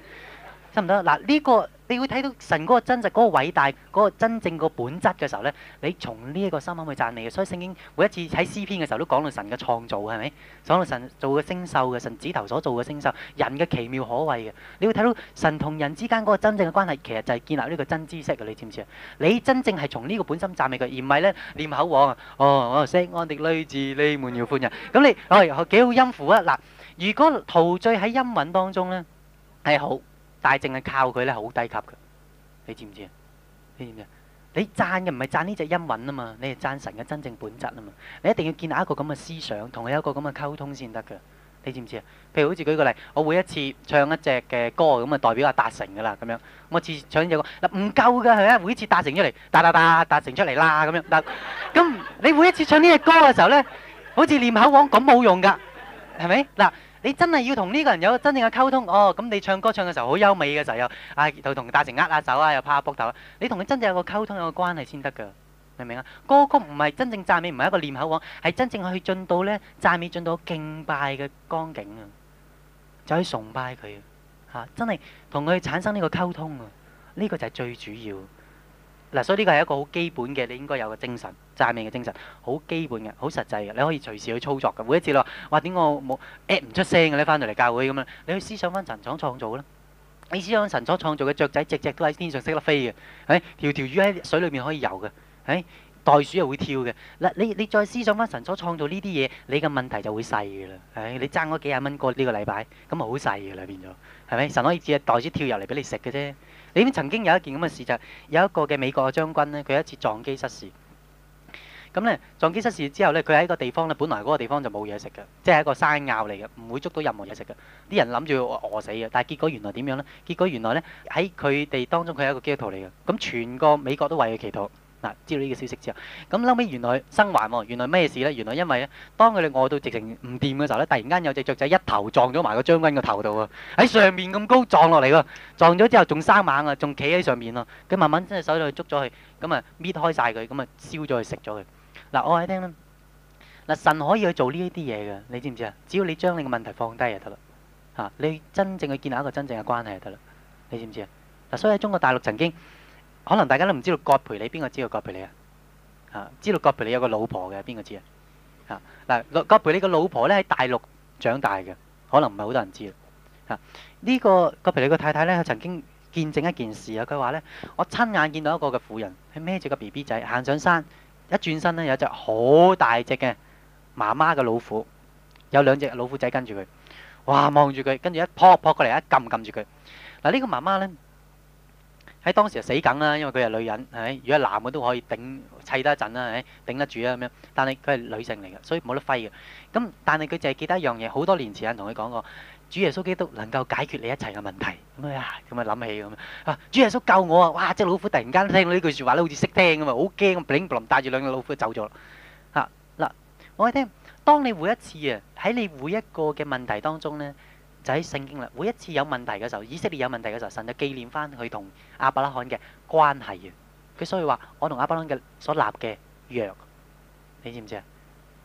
A: 差唔多。嗱，呢、這個你會睇到神嗰個真實、嗰、那個偉大、嗰、那個真正個本質嘅時候呢，你從呢一個心眼去讚美嘅。所以聖經每一次喺詩篇嘅時候都講到神嘅創造係咪？講到神做嘅星宿嘅神指頭所做嘅星宿，人嘅奇妙可畏嘅。你會睇到神同人之間嗰個真正嘅關係，其實就係建立呢個真知識嘅。你知唔知啊？你真正係從呢個本心讚美佢，而唔係呢。念口簧、啊、哦，我哦，錫安的女子，你們要歡欣。咁你哦哦、哎、幾好音符啊！嗱。如果陶醉喺音韻當中咧，係好，但係淨係靠佢咧，好低級嘅，你知唔知啊？你知唔知啊？你贊嘅唔係贊呢隻音韻啊嘛，你係贊神嘅真正本質啊嘛。你一定要建立一個咁嘅思想，同佢有一個咁嘅溝通先得㗎。你知唔知啊？譬如好似舉個例，我每一次唱一隻嘅歌咁啊，代表阿達成噶啦咁樣。我次唱呢隻歌嗱，唔夠㗎係咪？每一次達成出嚟，達達達達成出嚟啦咁樣嗱。咁你每一次唱呢隻歌嘅時候咧，好似唸口簧咁冇用㗎，係咪嗱？你真係要同呢個人有真正嘅溝通，哦，咁你唱歌唱嘅時候好優美嘅時候又啊，同同達成握手啊，又拍下膊頭，你同佢真正有個溝通有個關係先得㗎，明唔明啊？歌曲唔係真正讚美，唔係一個念口簧，係真正去進到呢讚美進到敬拜嘅光景去啊，就可以崇拜佢嚇，真係同佢產生呢個溝通啊，呢、呢個就係最主要。嗱、啊，所以呢個係一個好基本嘅，你應該有嘅精神、正命嘅精神，好基本嘅、好實際嘅，你可以隨時去操作嘅。每一次你話：哇，點解我冇 a 唔出聲嘅咧？你翻到嚟教會咁樣，你去思想翻神所創造啦。你思想神所創造嘅雀仔，只只都喺天上識得飛嘅，誒，條條魚喺水裏面可以游嘅，誒，袋鼠又會跳嘅。嗱、啊，你你再思想翻神所創造呢啲嘢，你嘅問題就會細嘅啦。誒，你爭嗰幾廿蚊過呢個禮拜，咁啊好細嘅啦，變咗，係咪？神可以隻袋鼠跳入嚟俾你食嘅啫。裏面曾經有一件咁嘅事，就係有一個嘅美國嘅將軍呢，佢有一次撞機失事，咁呢，撞機失事之後呢，佢喺一個地方呢，本來嗰個地方就冇嘢食嘅，即係一個山坳嚟嘅，唔會捉到任何嘢食嘅，啲人諗住餓死嘅，但係結果原來點樣呢？結果原來呢，喺佢哋當中佢係一個基督徒嚟嘅，咁全個美國都為佢祈禱。嗱，知道呢個消息之後，咁後尾原來生還喎，原來咩事咧？原來因為咧，當佢哋餓到直情唔掂嘅時候咧，突然間有隻雀仔一頭撞咗埋個將軍個頭度啊，喺上面咁高撞落嚟喎，撞咗之後仲生猛啊，仲企喺上面咯，佢慢慢伸隻手落去捉咗佢，咁啊搣開曬佢，咁啊燒咗佢食咗佢。嗱，我話你聽啦，嗱，神可以去做呢一啲嘢嘅，你知唔知啊？只要你將你嘅問題放低就得啦，嚇，你真正去建立一個真正嘅關係就得啦，你知唔知啊？嗱，所以喺中國大陸曾經。可能大家都唔知道葛培理，邊個知道葛培理啊？知道葛培理有個老婆嘅，邊個知啊？嗱，葛培理個老婆咧，喺大陸長大嘅，可能唔係好多人知。呢、啊呢個葛培理個太太咧，曾經見證一件事啊。佢話呢，我親眼見到一個嘅婦人，佢孭住個 B B 仔行上山，一轉身呢，有隻好大隻嘅媽媽嘅老虎，有兩隻老虎仔跟住佢，哇，望住佢，跟住一撲撲過嚟，一撳撳住佢。嗱、啊、呢、呢個媽媽呢。喺當時就死梗啦，因為佢係女人，係如果係男嘅都可以頂砌多一陣啦，係頂得住啊咁樣。但係佢係女性嚟嘅，所以冇得揮嘅。咁但係佢就係記得一樣嘢，好多年前同佢講過，主耶穌基督能夠解決你一切嘅問題。咁啊咁諗起咁啊，主耶穌救我啊！哇！隻老虎突然間聽到呢句説話咧，好似識聽咁啊，好驚！卟呤卟呤帶住兩隻老虎走咗啦嗱。我哋聽，當你每一次啊，喺你每一個嘅問題當中呢。就喺聖經啦，每一次有問題嘅時候，以色列有問題嘅時候，神就紀念翻佢同亞伯拉罕嘅關係嘅。佢所以話：我同亞伯拉罕嘅所立嘅約，你知唔知啊？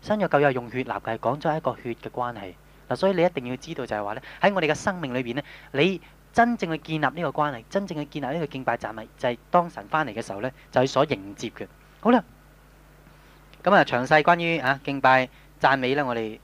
A: 新約舊約用血立嘅，係講咗一個血嘅關係嗱。所以你一定要知道就係話咧，喺我哋嘅生命裏邊咧，你真正去建立呢個關係，真正去建立呢個敬拜讚美，就係、是、當神翻嚟嘅時候咧，就係所迎接佢。好啦，咁啊，詳細關於啊敬拜讚美咧，我哋。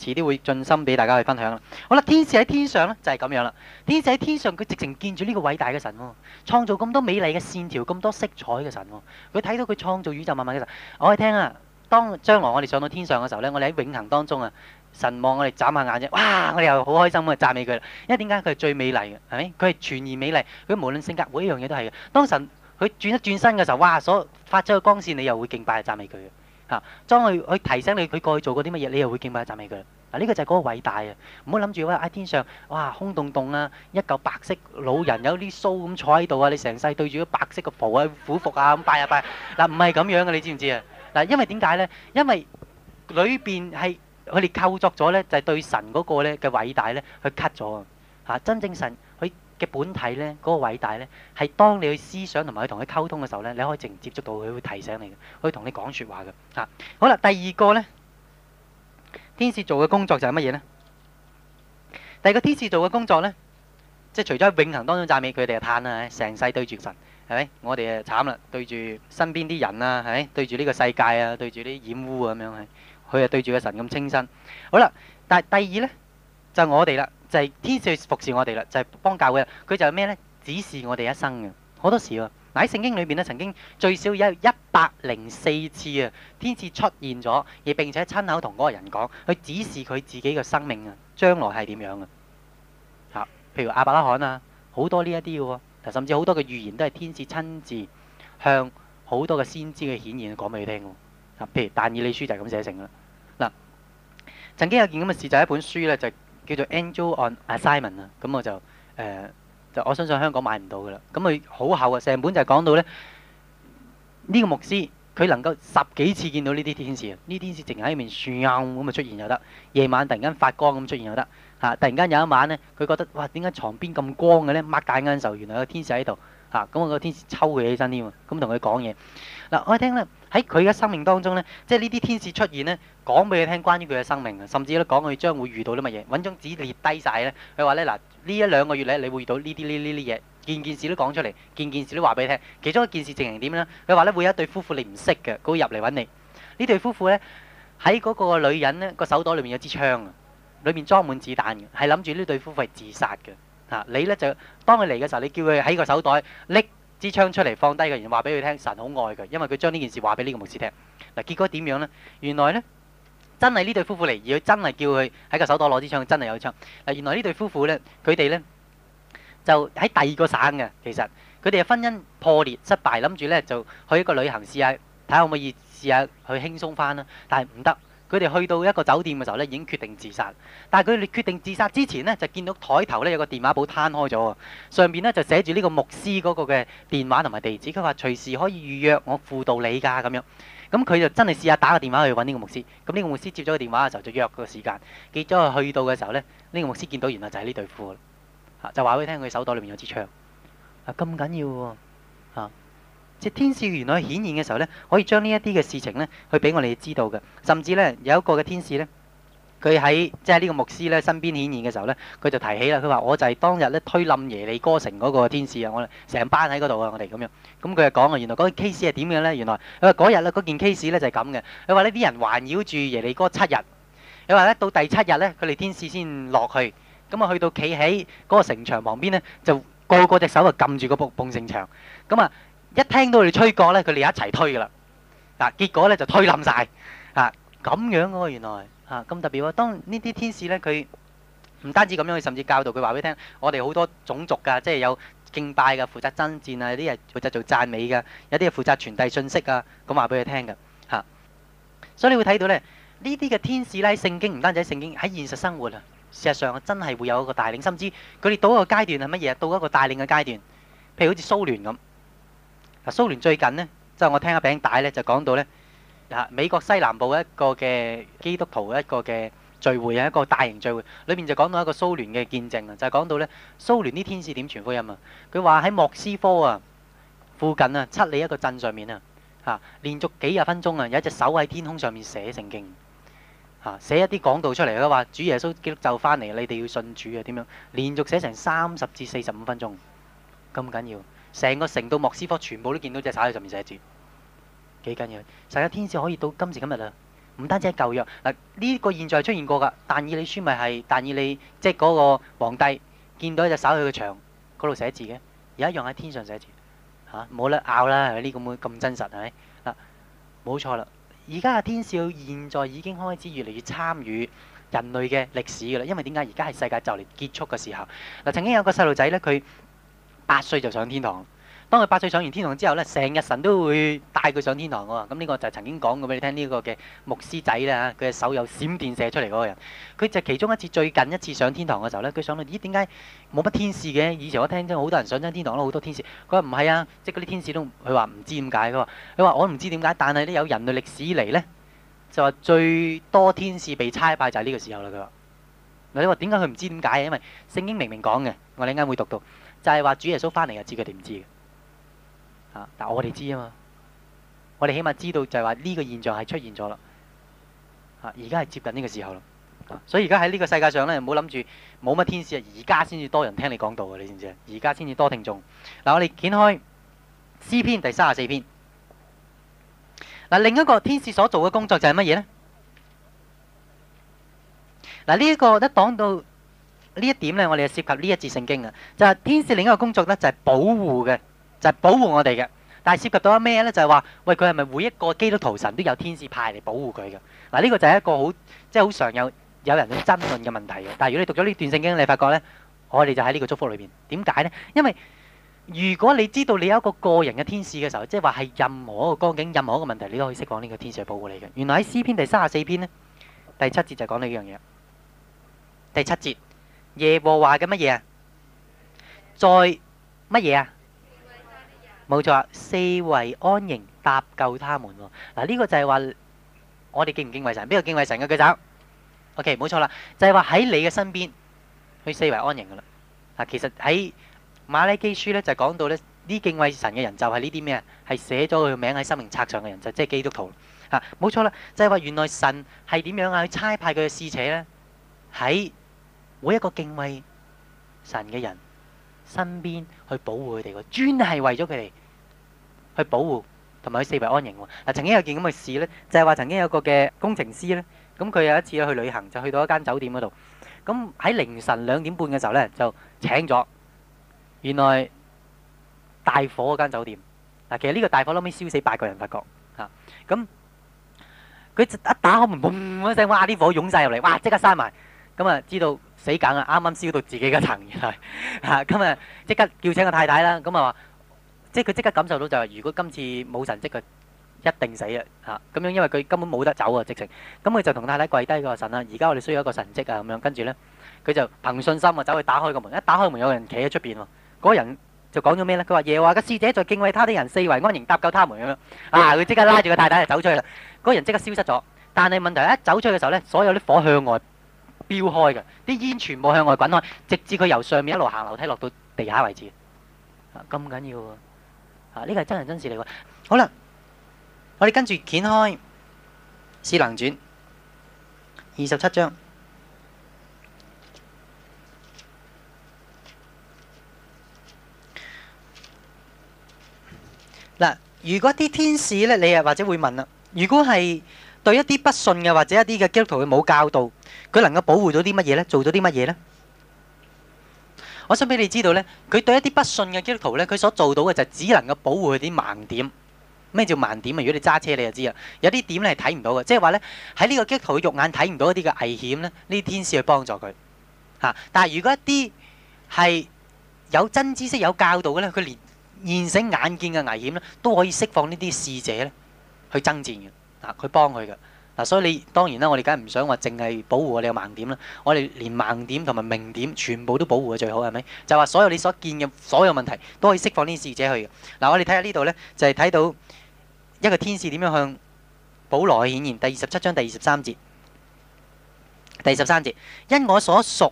A: 遲啲會盡心俾大家去分享啦。好啦，天使喺天上咧就係咁樣啦。天使喺天上，佢直情見住呢個偉大嘅神、哦，創造咁多美麗嘅線條、咁多色彩嘅神、哦。佢睇到佢創造宇宙萬物嘅時候，我哋聽啊，當將來我哋上到天上嘅時候咧，我哋喺永恆當中啊，神望我哋眨下眼睛，哇！我哋又好開心啊，讚美佢啦。因為點解佢係最美麗嘅？係咪？佢係全然美麗，佢無論性格每一樣嘢都係嘅。當神佢轉一轉身嘅時候，哇！所發出嘅光線，你又會敬拜讚美佢嘅。嚇，將佢去提醒你，佢過去做過啲乜嘢，你又會敬拜一陣嘢佢啦。嗱、啊，呢、這個就係嗰個偉大啊！唔好諗住話，哎天上，哇空洞洞啊，一嚿白色老人有啲鬚咁坐喺度啊，你成世對住個白色嘅袍啊、虎服啊咁拜啊拜啊。嗱、啊，唔係咁樣嘅，你知唔知啊？嗱，因為點解咧？因為裏邊係佢哋構作咗咧，就係、是、對神嗰個咧嘅偉大咧去 cut 咗啊！嚇，真正神佢。嘅本體呢，嗰、那個偉大呢，係當你去思想同埋去同佢溝通嘅時候呢，你可以直接接觸到佢，會提醒你嘅，可以同你講說話嘅。嚇、啊，好啦，第二個呢，天使做嘅工作就係乜嘢呢？第二個天使做嘅工作呢，即、就、係、是、除咗喺永恆當中讚美佢哋啊，嘆啊，成世對住神，係咪？我哋啊，慘啦，對住身邊啲人啊，係咪，對住呢個世界啊，對住啲染污咁樣啊，佢係對住個神咁清新。好啦，但第二呢，就係我哋啦。就係天使服侍我哋啦，就係、是、幫教會人。佢就係咩呢？指示我哋一生嘅好多時喎。嗱，喺聖經裏邊曾經最少有一百零四次啊，天使出現咗，而並且親口同嗰個人講，去指示佢自己嘅生命啊，將來係點樣啊？譬如亞伯拉罕啊，好多呢一啲喎。甚至好多嘅預言都係天使親自向好多嘅先知嘅顯現講俾佢聽嘅。譬如但以理書就係咁寫成嘅啦。嗱，曾經有件咁嘅事就係、是、一本書呢。就是。叫做 Angel on Assignment 啊，咁我就誒、呃、就我相信香港買唔到噶啦。咁佢好厚啊，成本就係講到咧呢、呢個牧師佢能夠十幾次見到呢啲天使啊，呢天使淨喺一面樹咁啊出現又得，夜晚突然間發光咁出現又得嚇，突然間有一晚咧佢覺得哇點解床邊咁光嘅咧？擘大眼嗰陣時候，原來有個天使喺度嚇，咁、啊、個天使抽佢起身添，咁同佢講嘢。嗱，我聽咧喺佢嘅生命當中咧，即係呢啲天使出現咧，講俾佢聽關於佢嘅生命，甚至都講佢將會遇到啲乜嘢，揾張紙列低曬咧。佢話咧，嗱呢一兩個月咧，你會遇到呢啲呢呢啲嘢，件件事都講出嚟，件件事都話俾你聽。其中一件事情形點咧？佢話咧會有一對夫婦你唔識嘅，佢會入嚟揾你。呢對夫婦咧喺嗰個女人咧個手袋裏面有支槍啊，裏面裝滿子彈嘅，係諗住呢對夫婦係自殺嘅。嚇你咧就當佢嚟嘅時候，你叫佢喺個手袋拎支槍出嚟放低嘅，然後話俾佢聽，神好愛佢，因為佢將呢件事話俾呢個牧師聽。嗱、啊，結果點樣呢？原來呢，真係呢對夫婦嚟，而佢真係叫佢喺個手袋攞支槍，真係有槍。嗱、啊，原來呢對夫婦呢，佢哋呢，就喺第二個省嘅。其實佢哋嘅婚姻破裂失敗，諗住呢，就去一個旅行試下，睇下可唔可以試下去輕鬆翻啦。但係唔得。佢哋去到一個酒店嘅時候咧，已經決定自殺。但係佢哋決定自殺之前呢，就見到枱頭咧有個電話簿攤開咗啊，上面咧就寫住呢個牧師嗰個嘅電話同埋地址。佢話隨時可以預約我輔導你㗎咁樣。咁佢就真係試下打個電話去揾呢個牧師。咁呢個牧師接咗個電話嘅時候就約個時間。結咗去到嘅時候呢，呢、呢個牧師見到原來就係呢對褲，就話畀佢聽佢手袋裏面有支槍啊，咁緊要喎、啊啊即天使原來顯現嘅時候呢，可以將呢一啲嘅事情呢，去俾我哋知道嘅。甚至呢，有一個嘅天使呢，佢喺即係呢個牧師呢身邊顯現嘅時候呢，佢就提起啦。佢話我就係當日呢推冧耶利哥城嗰個天使啊！我哋成班喺嗰度啊！我哋咁樣，咁佢就講啊，原來嗰件 case 係點樣呢？原來佢話嗰日呢，嗰件 case 呢就係咁嘅。佢話呢啲人環繞住耶利哥七日，佢話呢到第七日呢，佢哋天使先落去咁啊，去到企喺嗰個城牆旁邊呢，就個個隻手啊撳住個布城牆咁啊。一聽到佢哋吹角咧，佢哋一齊推噶啦嗱，結果咧就推冧曬嚇咁樣喎。原來嚇咁特別喎。當呢啲天使咧，佢唔單止咁樣，佢甚至教導佢話俾你聽：我哋好多種族㗎，即係有敬拜嘅，負責爭戰啊；有啲係負責做讚美嘅，有啲係負責傳遞信息啊。咁話俾你聽嘅嚇，所以你會睇到咧呢啲嘅天使咧聖經唔單止聖經喺現實生活啊，事實上真係會有一個帶領，甚至佢哋到一個階段係乜嘢？到一個帶領嘅階段，譬如好似蘇聯咁。嗱、啊，蘇聯最近呢，即係我聽阿餅帶呢就講到呢啊美國西南部一個嘅基督徒一個嘅聚會啊，一個大型聚會，裏面就講到一個蘇聯嘅見證啊，就係、是、講到呢，蘇聯啲天使點傳福音啊。佢話喺莫斯科啊附近啊七里一個鎮上面啊嚇、啊，連續幾廿分鐘啊，有一隻手喺天空上面寫聖經嚇、啊，寫一啲講道出嚟啊話主耶穌基督就翻嚟，你哋要信主啊點樣？連續寫成三十至四十五分鐘，咁緊要。成個城到莫斯科，全部都見到隻手喺上面寫字，幾緊要？實有天使可以到今時今日啊！唔單止係舊約嗱，呢、這個現在出現過噶。但以理書咪係但以理，即係嗰個皇帝見到一隻手喺個牆嗰度寫字嘅，而一樣喺天上寫字嚇，冇、啊、得拗啦，呢咁樣咁真實係咪？冇錯啦。而家嘅天使現在已經開始越嚟越參與人類嘅歷史㗎啦。因為點解而家係世界就嚟結束嘅時候嗱？曾經有個細路仔呢，佢。八歲就上天堂，當佢八歲上完天堂之後呢，成日神都會帶佢上天堂噶。咁、嗯、呢、這個就曾經講過俾你聽呢個嘅牧師仔啦，佢、啊、嘅手有閃電射出嚟嗰個人，佢就其中一次最近一次上天堂嘅時候呢，佢上到咦，點解冇乜天使嘅？以前我聽咗好多人上真天堂好多天使，佢話唔係啊，即係嗰啲天使都佢話唔知點解佢噶，佢話我唔知點解，但係呢，有人類歷史嚟呢，就話最多天使被猜拜就係呢個時候啦。佢話。嗱，你話點解佢唔知點解啊？因為聖經明明講嘅，我哋應該會讀到，就係話主耶穌翻嚟啊，知佢點知嘅，吓，但係我哋知啊嘛，我哋起碼知道就係話呢個現象係出現咗啦，吓，而家係接近呢個時候咯，所以而家喺呢個世界上咧，唔好諗住冇乜天使啊，而家先至多人聽你講道嘅，你知唔知啊？而家先至多聽眾。嗱，我哋掀開詩篇第三十四篇，嗱，另一個天使所做嘅工作就係乜嘢咧？嗱，呢一個咧講到呢一點咧，我哋就涉及呢一節聖經嘅，就係、是、天使另一個工作咧就係保護嘅，就係、是、保護、就是、我哋嘅。但係涉及到咩咧？就係、是、話，喂佢係咪每一個基督徒神都有天使派嚟保護佢嘅？嗱、啊，呢、這個就係一個好即係好常有有人去爭論嘅問題嘅。但係如果你讀咗呢段聖經，你係發覺咧，我哋就喺呢個祝福裏邊。點解咧？因為如果你知道你有一個個人嘅天使嘅時候，即係話係任何一個光景、任何一個問題，你都可以釋放呢個天使嚟保護你嘅。原來喺詩篇第三十四篇咧，第七節就係講呢樣嘢。第七節耶和華嘅乜嘢啊？再乜嘢啊？冇錯，四圍安營搭救他們。嗱，呢個就係話我哋敬唔敬畏神？邊個敬畏神嘅舉手？OK，冇錯啦，就係話喺你嘅身邊去四圍安營噶啦。嗱，其實喺馬拉基書咧就講到咧，呢敬畏神嘅人就係呢啲咩啊？係寫咗佢名喺生命冊上嘅人，就即係基督徒吓，冇錯啦。就係話原來神係點樣啊？去差派佢嘅使者咧喺。每一個敬畏神嘅人身邊去保護佢哋喎，專係為咗佢哋去保護同埋去四圍安營喎。嗱，曾經有件咁嘅事咧，就係話曾經有個嘅工程師咧，咁佢有一次咧去旅行，就去到一間酒店嗰度。咁喺凌晨兩點半嘅時候咧，就請咗原來大火嗰間酒店。嗱，其實呢個大火後尾燒死八個人，發覺嚇咁佢一打開門，boom 一聲，哇！啲火湧曬入嚟，哇！即刻閂埋，咁啊知道，死梗啊！啱啱燒到自己嘅層，而係嚇，咁啊即刻叫醒個太太啦。咁啊話，即係佢即刻感受到就係，如果今次冇神蹟佢一定死啊！嚇咁樣，因為佢根本冇得走啊，直情。咁佢就同太太跪低個神啦。而家我哋需要一個神蹟啊，咁樣跟住咧，佢就憑信心啊走去打開個門。一打開門，有人企喺出邊喎。嗰人就講咗咩咧？佢話：耶和華嘅使者在敬畏他的人四圍安營搭救他們咁樣。啊！佢即刻拉住個太太就走出去啦。嗰人即刻消失咗。但係問題一走出去嘅時候咧，所有啲火向外。飆開嘅，啲煙全部向外滾開，直至佢由上面一路行樓梯落到地下為止。啊，咁緊要啊！啊，呢個係真人真事嚟嘅。好啦，我哋跟住掀開《使徒行傳》二十七章。嗱，如果啲天使呢，你又或者會問啦，如果係？對一啲不信嘅或者一啲嘅基督徒，佢冇教導，佢能夠保護到啲乜嘢咧？做到啲乜嘢咧？我想俾你知道咧，佢對一啲不信嘅基督徒咧，佢所做到嘅就只能夠保護佢啲盲點。咩叫盲點啊？如果你揸車，你就知啦。有啲點你係睇唔到嘅，即係話咧喺呢個基督徒肉眼睇唔到一啲嘅危險咧。呢啲天使去幫助佢吓。但係如果一啲係有真知識、有教導嘅咧，佢連現成眼見嘅危險咧，都可以釋放呢啲使者咧去征戰嘅。嗱，佢幫佢嘅嗱，所以你當然啦，我哋梗係唔想話淨係保護我哋嘅盲點啦，我哋連盲點同埋明點全部都保護嘅最好係咪？就係話所有你所見嘅所有問題都可以釋放呢啲使者去嘅嗱，我哋睇下呢度咧，就係睇到一個天使點樣向保羅去顯現，第二十七章第二十三節，第二十三節，因我所屬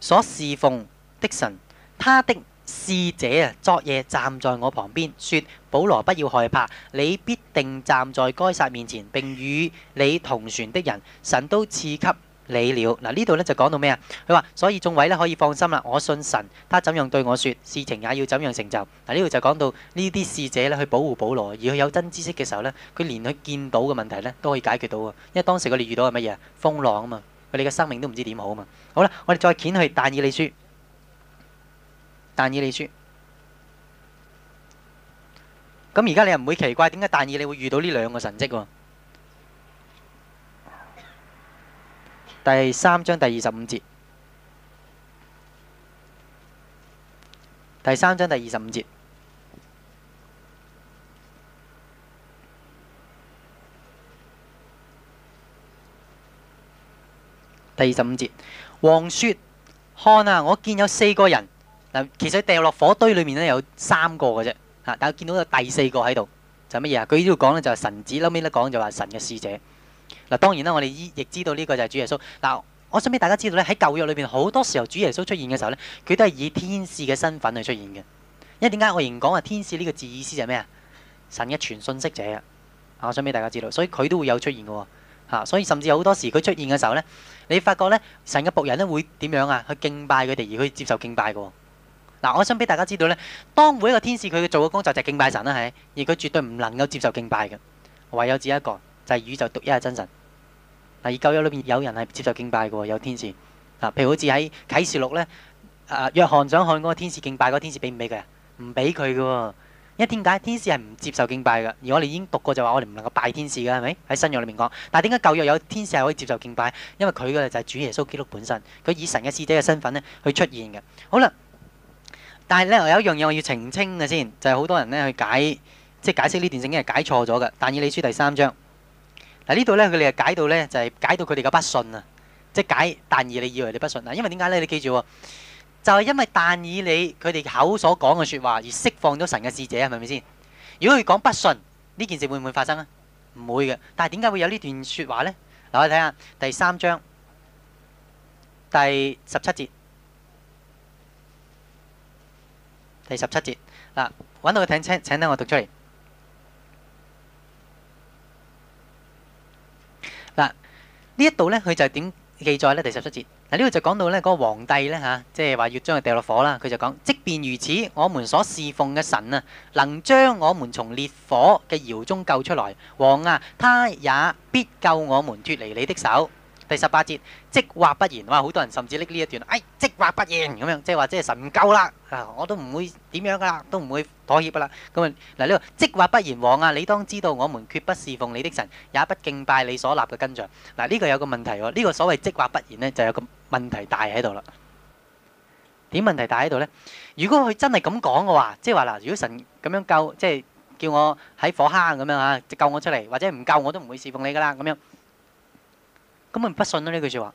A: 所侍奉的神，他的。侍者啊，昨夜站在我旁邊，說，保羅不要害怕，你必定站在該撒面前，並與你同船的人，神都賜給你了。嗱、啊、呢度咧就講到咩啊？佢話，所以眾位咧可以放心啦，我信神，他怎樣對我說，事情也要怎樣成就。嗱，呢度就講到呢啲使者咧去保護保羅，而佢有真知識嘅時候咧，佢連佢見到嘅問題咧都可以解決到啊。因為當時佢哋遇到係乜嘢啊？風浪啊嘛，佢哋嘅生命都唔知點好啊嘛。好啦，我哋再掀去但以理書。但以理説，咁而家你又唔會奇怪點解但以理會遇到呢兩個神跡喎？第三章第二十五節，第三章第二十五節，第二十五節，王説：看啊，我見有四個人。其實掉落火堆裏面咧有三個嘅啫嚇，但係見到有第四個喺度就係乜嘢啊？佢呢度講咧就係神子，後尾咧講就話神嘅使者嗱。當然啦，我哋依亦知道呢個就係主耶穌嗱。我想俾大家知道咧，喺舊約裏邊好多時候主耶穌出現嘅時候咧，佢都係以天使嘅身份去出現嘅。因為點解我以前講啊？天使呢個字意思就係咩啊？神嘅傳訊息者啊！我想俾大家知道，所以佢都會有出現嘅喎、啊、所以甚至好多時佢出現嘅時候咧，你發覺咧神嘅僕人咧會點樣啊？去敬拜佢哋而佢接受敬拜嘅。嗱、啊，我想俾大家知道咧，當每一個天使佢嘅做嘅工作就係敬拜神啦、啊，係而佢絕對唔能夠接受敬拜嘅，唯有只有一個就係、是、宇宙獨一嘅真神。嗱、啊，而舊約裏邊有人係接受敬拜嘅，有天使嗱，譬、啊、如好似喺啟示錄咧，啊約翰想看嗰個天使敬拜，嗰個天使俾唔俾佢啊？唔俾佢嘅，因為點解？天使係唔接受敬拜嘅。而我哋已經讀過就話我哋唔能夠拜天使嘅，係咪？喺新約裏面講，但係點解舊約有天使係可以接受敬拜？因為佢嘅就係主耶穌基督本身，佢以神嘅使者嘅身份咧去出現嘅。好啦。但係咧，我有一樣嘢我要澄清嘅先，就係好多人咧去解，即係解釋呢段聖經係解錯咗嘅。但以理書第三章，嗱呢度咧佢哋係解到咧，就係解到佢哋嘅不信啊，即係解但以理以為你不信啊。因為點解咧？你記住，就係因為但以理佢哋口所講嘅説話而釋放咗神嘅使者，係咪先？如果佢講不信，呢件事會唔會發生啊？唔會嘅。但係點解會有呢段説話咧？嗱，我哋睇下第三章第十七節。第十七節嗱，揾到個佢，請請請聽我讀出嚟嗱。呢一度咧，佢就點記載咧？第十七節嗱，呢度就講到咧，嗰個皇帝咧吓，即係話要將佢掉落火啦。佢就講，即便如此，我們所侍奉嘅神啊，能將我們從烈火嘅窑中救出來，王啊，他也必救我們脫離你的手。第十八節，即或不然哇！好多人甚至拎呢一段，哎，即或不然咁樣，即係話即係神唔救啦，我都唔會點樣噶啦，都唔會妥協噶啦。咁啊，嗱，呢個即或不然王啊，你當知道，我們決不侍奉你的神，也不敬拜你所立嘅金像。嗱，呢個有個問題喎，呢個所謂即或不然咧，就有個問題大喺度啦。點問題大喺度咧？如果佢真係咁講嘅話，即係話嗱，如果神咁樣救，即係叫我喺火坑咁樣嚇，即救我出嚟，或者唔救我都唔會侍奉你噶啦，咁樣。根本不信啦！呢句說話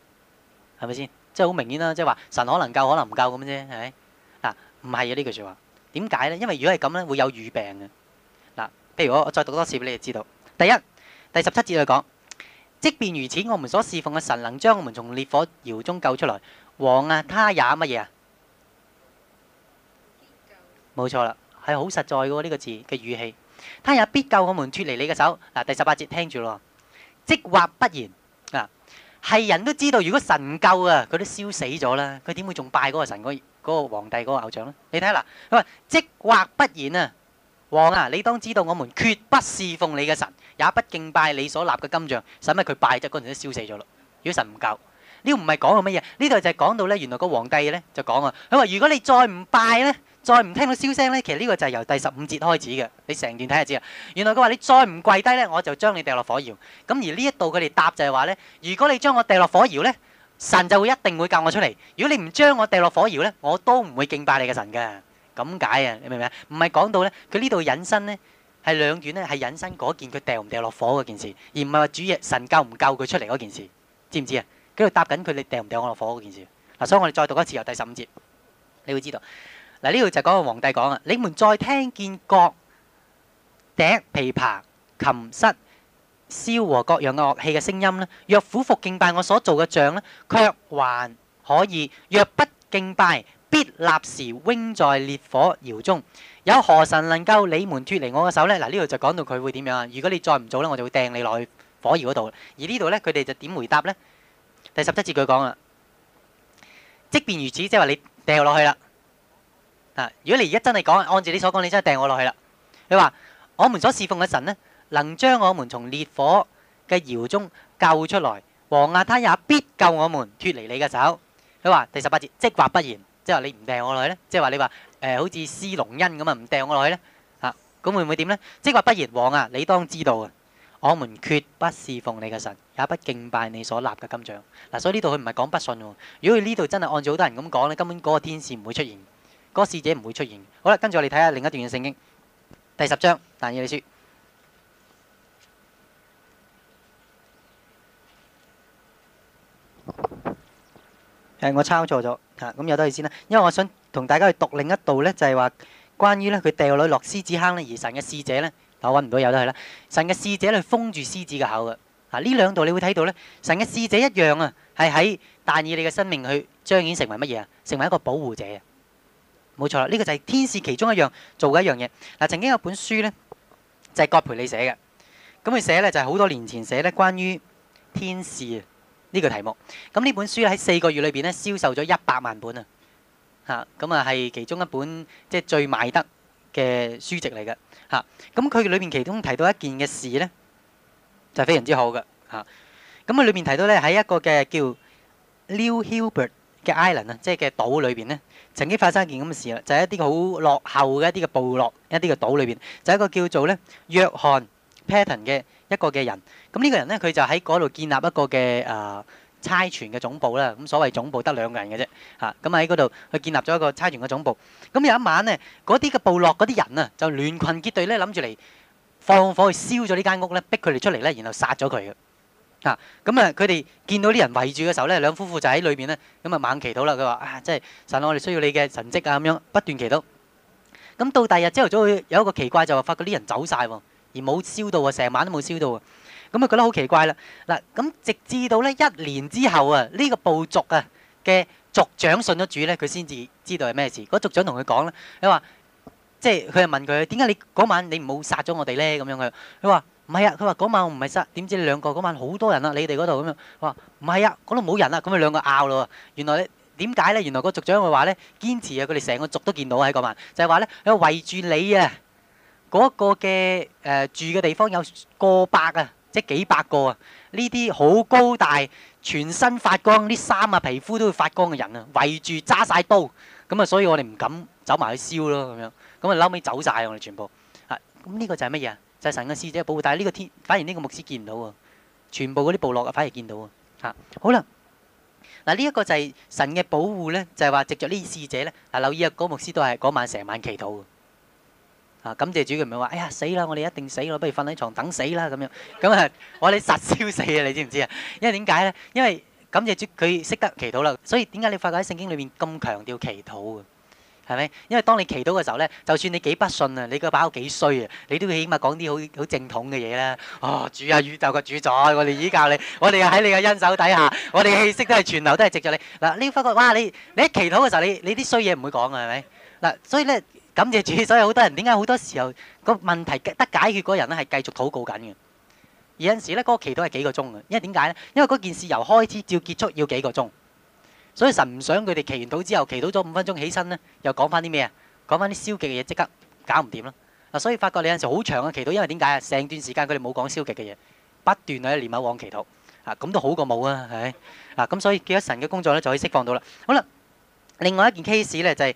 A: 係咪先？即係好明顯啦！即係話神可能救，可能唔救咁啫，係咪嗱？唔係啊！呢句說話點解咧？因為如果係咁咧，會有語病嘅嗱。譬如我我再讀多次畀你就知道。第一第十七節去講，即便如此，我們所侍奉嘅神能將我們從烈火窯中救出來。王啊，他也乜嘢啊？冇錯啦，係好實在嘅喎。呢個字嘅語氣，他也必救我們脱離你嘅手嗱。第十八節聽住咯，即或不然。係人都知道，如果神救啊，佢都燒死咗啦。佢點會仲拜嗰個神嗰、嗰個皇帝嗰、嗰個偶像呢？你睇下嗱，佢話即或不然啊，王啊，你當知道，我們決不侍奉你嘅神，也不敬拜你所立嘅金像。使乜佢拜啫？嗰陣都燒死咗啦。如果神唔救，呢唔係講個乜嘢？呢度就係講到呢，原來個皇帝呢就講啊，佢話如果你再唔拜呢。」再唔聽到簫聲咧，其實呢個就係由第十五節開始嘅。你成段睇下知啦。原來佢話你再唔跪低咧，我就將你掉落火窯。咁而呢一度佢哋答就係話咧，如果你將我掉落火窯咧，神就會一定會救我出嚟。如果你唔將我掉落火窯咧，我都唔會敬拜你嘅神嘅。咁解啊？你明唔明啊？唔係講到咧，佢呢度引申咧，係兩段咧係引申嗰件佢掉唔掉落火嗰件事，而唔係話主耶穌神救唔救佢出嚟嗰件事，知唔知啊？佢度搭緊佢你掉唔掉我落火嗰件事嗱，所以我哋再讀一次由第十五節，你會知道。嗱，呢度就講個皇帝講啊！你們再聽見角笛、琵琶、琴瑟、簫和各樣嘅樂器嘅聲音咧，若俯伏敬拜我所做嘅像咧，卻還可以；若不敬拜，必立時扔在烈火窯中。有何神能夠你們脱離我嘅手咧？嗱，呢度就講到佢會點樣啊！如果你再唔做咧，我就會掟你落去火窯嗰度。而呢度咧，佢哋就點回答咧？第十七節佢講啊，即便如此，即係話你掟落去啦。嗱，如果你而家真係講，按照你所講，你真係掟我落去啦。佢話：我們所侍奉嘅神呢，能將我們從烈火嘅窯中救出來，王啊，他也必救我們脱離你嘅手。佢話，第十八節，即話不然，即話你唔掟我落去咧，即話你話誒好似施龍恩咁啊，唔掟我落去咧嚇，咁會唔會點咧？即話不然，王啊，你當知道啊，我們決不侍奉你嘅神，也不敬拜你所立嘅金像。嗱，所以呢度佢唔係講不信喎。如果佢呢度真係按照好多人咁講咧，根本嗰個天使唔會出現。嗰使者唔會出現。好啦，跟住我哋睇下另一段嘅聖經第十章。但以理書：誒，我抄錯咗嚇。咁有得去先啦，因為我想同大家去讀另一度咧，就係話關於咧佢掉落獅子坑咧，而神嘅使者咧，我揾唔到有得去啦。神嘅使者去封住獅子嘅口嘅嚇。呢兩度你會睇到咧，神嘅使者一樣啊，係喺但以理嘅生命去彰顯成為乜嘢啊？成為一個保護者啊！冇錯啦，呢、這個就係天使其中一樣做嘅一樣嘢。嗱、啊，曾經有本書呢，就係、是、葛培理寫嘅。咁佢寫呢，就係好多年前寫呢關於天使呢個題目。咁、嗯、呢本書喺四個月裏邊咧銷售咗一百萬本啊！嚇、嗯，咁啊係其中一本即係最賣得嘅書籍嚟嘅嚇。咁佢裏面其中提到一件嘅事呢，就係、是、非常之好嘅嚇。咁佢裏面提到呢，喺一個嘅叫 New Hilbert 嘅 Island 啊，即係嘅島裏邊呢。曾經發生一件咁嘅事啦，就係、是、一啲好落後嘅一啲嘅部落，一啲嘅島裏邊就是、一個叫做咧約翰 Patton 嘅一個嘅人。咁呢個人咧，佢就喺嗰度建立一個嘅誒、呃、差傳嘅總部啦。咁所謂總部得兩個人嘅啫嚇，咁喺嗰度佢建立咗一個差傳嘅總部。咁有一晚咧，嗰啲嘅部落嗰啲人啊，就聯群結隊咧，諗住嚟放火去燒咗呢間屋咧，逼佢哋出嚟咧，然後殺咗佢嘅。嗱，咁啊，佢哋見到啲人圍住嘅時候咧，兩夫婦就喺裏邊咧，咁、嗯、啊猛祈禱啦。佢話啊，即係神，我哋需要你嘅神蹟啊，咁樣不斷祈禱。咁、嗯、到第二日朝頭早，佢有一個奇怪就話發覺啲人走晒喎，而冇燒到，燒到、嗯、啊，成晚都冇燒到啊。咁啊覺得好奇怪啦。嗱，咁直至到呢一年之後啊，呢、呢個部族啊嘅族長信咗主咧，佢先至知道係咩事。嗰族長同佢講咧，佢話即係佢問佢點解你嗰晚你唔好殺咗我哋咧？咁樣嘅，佢話。唔係啊！佢話嗰晚我唔係失，點知你兩個嗰、那個、晚好多人啊！你哋嗰度咁樣，話唔係啊，嗰度冇人啊！咁啊兩個拗咯。原來點解咧？原來個族長話咧，堅持啊！佢哋成個族都見到喺嗰晚，就係話咧，圍你、那個呃、住你啊！嗰個嘅誒住嘅地方有個百啊，即係幾百個啊！呢啲好高大，全身發光，啲衫啊皮膚都會發光嘅人啊，圍住揸晒刀，咁啊，所以我哋唔敢走埋去燒咯，咁樣咁啊，後尾走曬我哋全部啊。咁呢個就係乜嘢？就係神嘅使者保護，但係呢個天反而呢個牧師見唔到喎，全部嗰啲部落啊反而見到喎。吓，好啦，嗱呢一個就係神嘅保護咧，就係話藉着呢啲使者咧。啊留意啊，嗰個牧師都係嗰晚成晚祈禱嘅。啊，感謝主，佢唔係話哎呀死啦，我哋一定死咯，不如瞓喺床等死啦咁樣。咁啊，我話你實燒死啊，你知唔知啊？因為點解咧？因為感謝主，佢識得祈禱啦。所以點解你發覺喺聖經裏面咁強調祈禱嘅？係咪？因為當你祈禱嘅時候咧，就算你幾不信啊，你個把口幾衰啊，你都起碼講啲好好正統嘅嘢啦。啊、哦，主啊，宇宙嘅主宰，我哋依教你，我哋喺你嘅恩手底下，我哋氣息都係存留都係藉著你。嗱，你發覺哇，你你一祈禱嘅時候，你你啲衰嘢唔會講㗎，係咪？嗱，所以咧，感謝主，所以好多人點解好多時候個問題得解決嗰人咧係繼續禱告緊嘅。而有陣時咧，嗰、那個祈禱係幾個鐘㗎，因為點解咧？因為嗰件事由開始到結束要幾個鐘。所以神唔想佢哋祈完禱之後，祈禱咗五分鐘起身呢，又講翻啲咩啊？講翻啲消極嘅嘢，即刻搞唔掂啦！嗱，所以發覺你有陣時好長嘅祈禱，因為點解啊？成段時間佢哋冇講消極嘅嘢，不斷喺連埋往祈禱啊，咁都好過冇啊，係咪？嗯，嗱，咁所以叫咗神嘅工作呢，就可以釋放到啦。好啦，另外一件 case 呢，就係、是。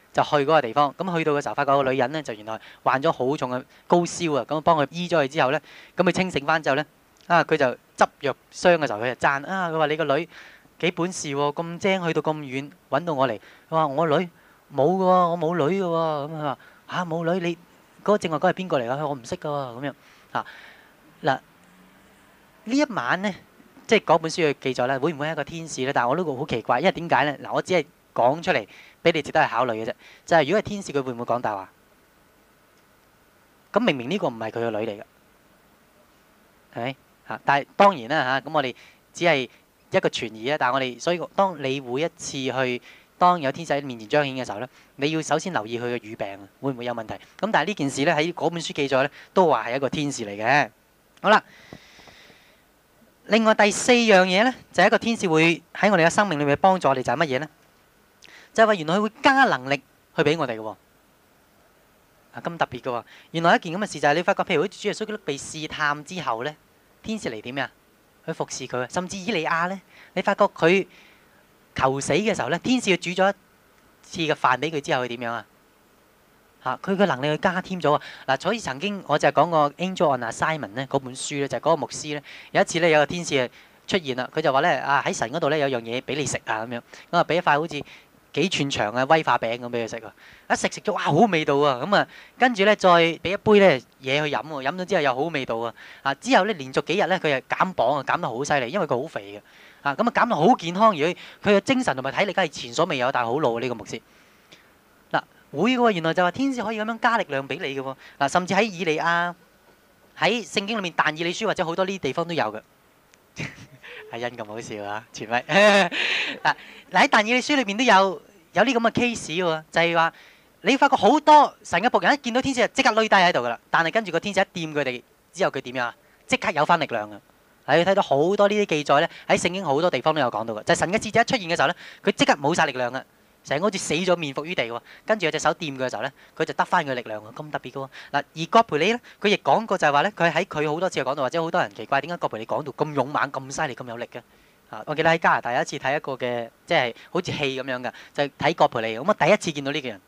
A: 就去嗰個地方，咁去到嘅時候，發覺個女人咧就原來患咗好重嘅高燒啊！咁幫佢醫咗佢之後咧，咁佢清醒翻之後咧，啊佢就執藥箱嘅時候，佢就讚啊！佢話你個女幾本事喎，咁精去到咁遠揾到我嚟。佢話我女冇㗎喎，我冇女㗎喎。咁佢話嚇冇女你嗰個正話嗰個係邊個嚟㗎？我唔識㗎喎咁樣嚇嗱呢一晚咧，即係嗰本書嘅記載咧，會唔會係一個天使咧？但係我都好奇怪，因為點解咧？嗱，我只係講出嚟。俾你值得去考慮嘅啫，就係如果係天使，佢會唔會講大話？咁明明呢個唔係佢嘅女嚟嘅，係咪嚇？但係當然啦嚇，咁我哋只係一個傳疑啊！但係我哋所以，當你每一次去當有天使喺面前彰顯嘅時候咧，你要首先留意佢嘅語病，會唔會有問題？咁但係呢件事咧喺嗰本書記載咧，都話係一個天使嚟嘅。好啦，另外第四樣嘢咧，就係一個天使會喺我哋嘅生命裏面幫助我哋，就係乜嘢咧？就係話原來佢會加能力去俾我哋嘅喎，啊咁特別嘅喎。原來一件咁嘅事就係你發覺，譬如好似主耶穌被試探之後咧，天使嚟點呀？去服侍佢，甚至以利亞咧，你發覺佢求死嘅時候咧，天使佢煮咗一次嘅飯俾佢之後，佢點樣啊？嚇，佢嘅能力去加添咗啊！嗱，所以曾經我就係講過《Angel on Simon》咧嗰本書咧，就係嗰個牧師咧，有一次咧，有個天使出現啦，佢就話咧啊，喺神嗰度咧有樣嘢俾你食啊咁樣，咁啊俾一塊好似～幾寸長嘅威化餅咁俾佢食啊！一食食咗哇，好味道啊！咁啊，跟住咧再俾一杯咧嘢去飲喎，飲咗之後又好味道啊！啊，之後咧連續幾日咧佢又減磅啊，減得好犀利，因為佢好肥嘅啊！咁啊減到好健康，而佢佢嘅精神同埋體力都係前所未有，但係好老啊！呢個牧師嗱會嘅喎，原來就話天使可以咁樣加力量俾你嘅喎嗱，甚至喺以利亞喺聖經裏面但以理書或者好多呢啲地方都有嘅。 阿因咁好笑啊，全位嗱嗱喺《但以理書》裏邊，都有有啲咁嘅 case 喎，就係、是、話你發覺好多神嘅僕人一見到天使就即刻累低喺度噶啦，但係跟住個天使一掂佢哋之後樣，佢點呀？即刻有翻力量啊！你睇到好多呢啲記載咧，喺聖經好多地方都有講到嘅，就係、是、神嘅使者一出現嘅時候咧，佢即刻冇晒力量嘅。成日好似死咗面伏於地喎，跟住有隻手掂佢嘅時候咧，佢就得返佢力量咁特別嘅喎。嗱，而葛培理咧，佢亦講過就係話咧，佢喺佢好多次講道，或者好多人奇怪點解葛培理講到咁勇猛、咁犀利、咁有力嘅？啊，我記得喺加拿大有一次睇一個嘅，即係好似戲咁樣嘅，就係睇葛培理。咁、嗯、啊，我第一次見到呢個人。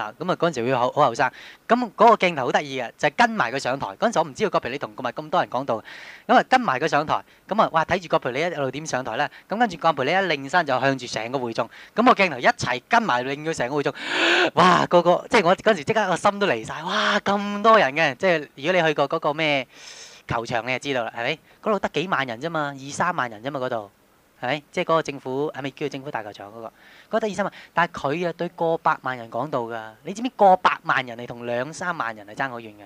A: 啊，咁啊嗰陣時會好好後生，咁嗰、嗯那個鏡頭好得意嘅，就係、是、跟埋佢上台。嗰陣時我唔知道葛培理同咁埋咁多人講道，因、嗯、為跟埋佢上台，咁、嗯、啊哇睇住葛培理一路點上台咧，咁、嗯、跟住葛培理一擰身就向住成個會眾，咁、嗯那個鏡頭一齊跟埋令佢成個會眾，哇個個即係我嗰陣時即刻個心都離晒。哇咁多人嘅，即係如果你去過嗰個咩球場，你就知道啦，係咪？嗰度得幾萬人咋嘛，二三萬人咋嘛嗰度。係，即係嗰個政府係咪叫做政府大球場嗰個？嗰第二新聞，但係佢啊對過百萬人講到㗎，你知唔知過百萬人係同兩三萬人係爭好遠嘅？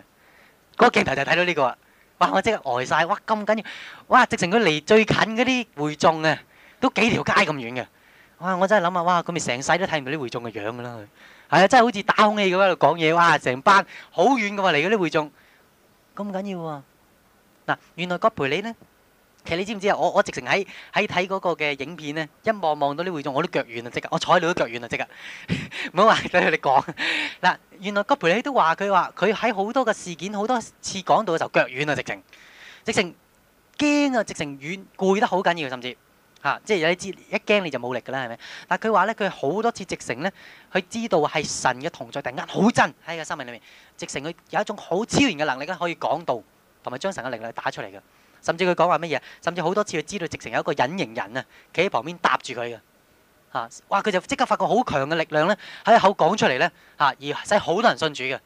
A: 嗰鏡頭就睇到呢個，哇！我即刻呆曬，哇！咁緊要，哇！直情佢離最近嗰啲會眾啊，都幾條街咁遠嘅，哇！我真係諗啊，哇！咁咪成世都睇唔到啲會眾嘅樣㗎啦，係啊，真係好似打空氣咁喺度講嘢，哇！成班好遠嘅嘛嚟嗰啲會眾，咁緊要啊？嗱，原來葛培理咧。其實你知唔知啊？我我直情喺喺睇嗰個嘅影片咧，一望望到呢會眾，我啲腳軟,都腳軟, 腳軟,軟啊！即刻我坐喺度都腳軟啊！即刻。唔好話，等佢哋講嗱。原來葛培理都話佢話，佢喺好多嘅事件好多次講道嘅時候腳軟啊！直情。直情驚啊！直情軟攰得好緊要，甚至嚇，即係有啲知一驚你就冇力㗎啦，係咪？但佢話咧，佢好多次直情咧，佢知道係神嘅同在，突然間好真喺個心裏面。直情佢有一種好超然嘅能力可以講到，同埋將神嘅力量打出嚟嘅。甚至佢講話乜嘢，甚至好多次佢知道直情有一個隱形人啊，企喺旁邊搭住佢嘅，嚇！哇！佢就即刻發覺好強嘅力量咧，喺口講出嚟咧，嚇！而使好多人信主嘅。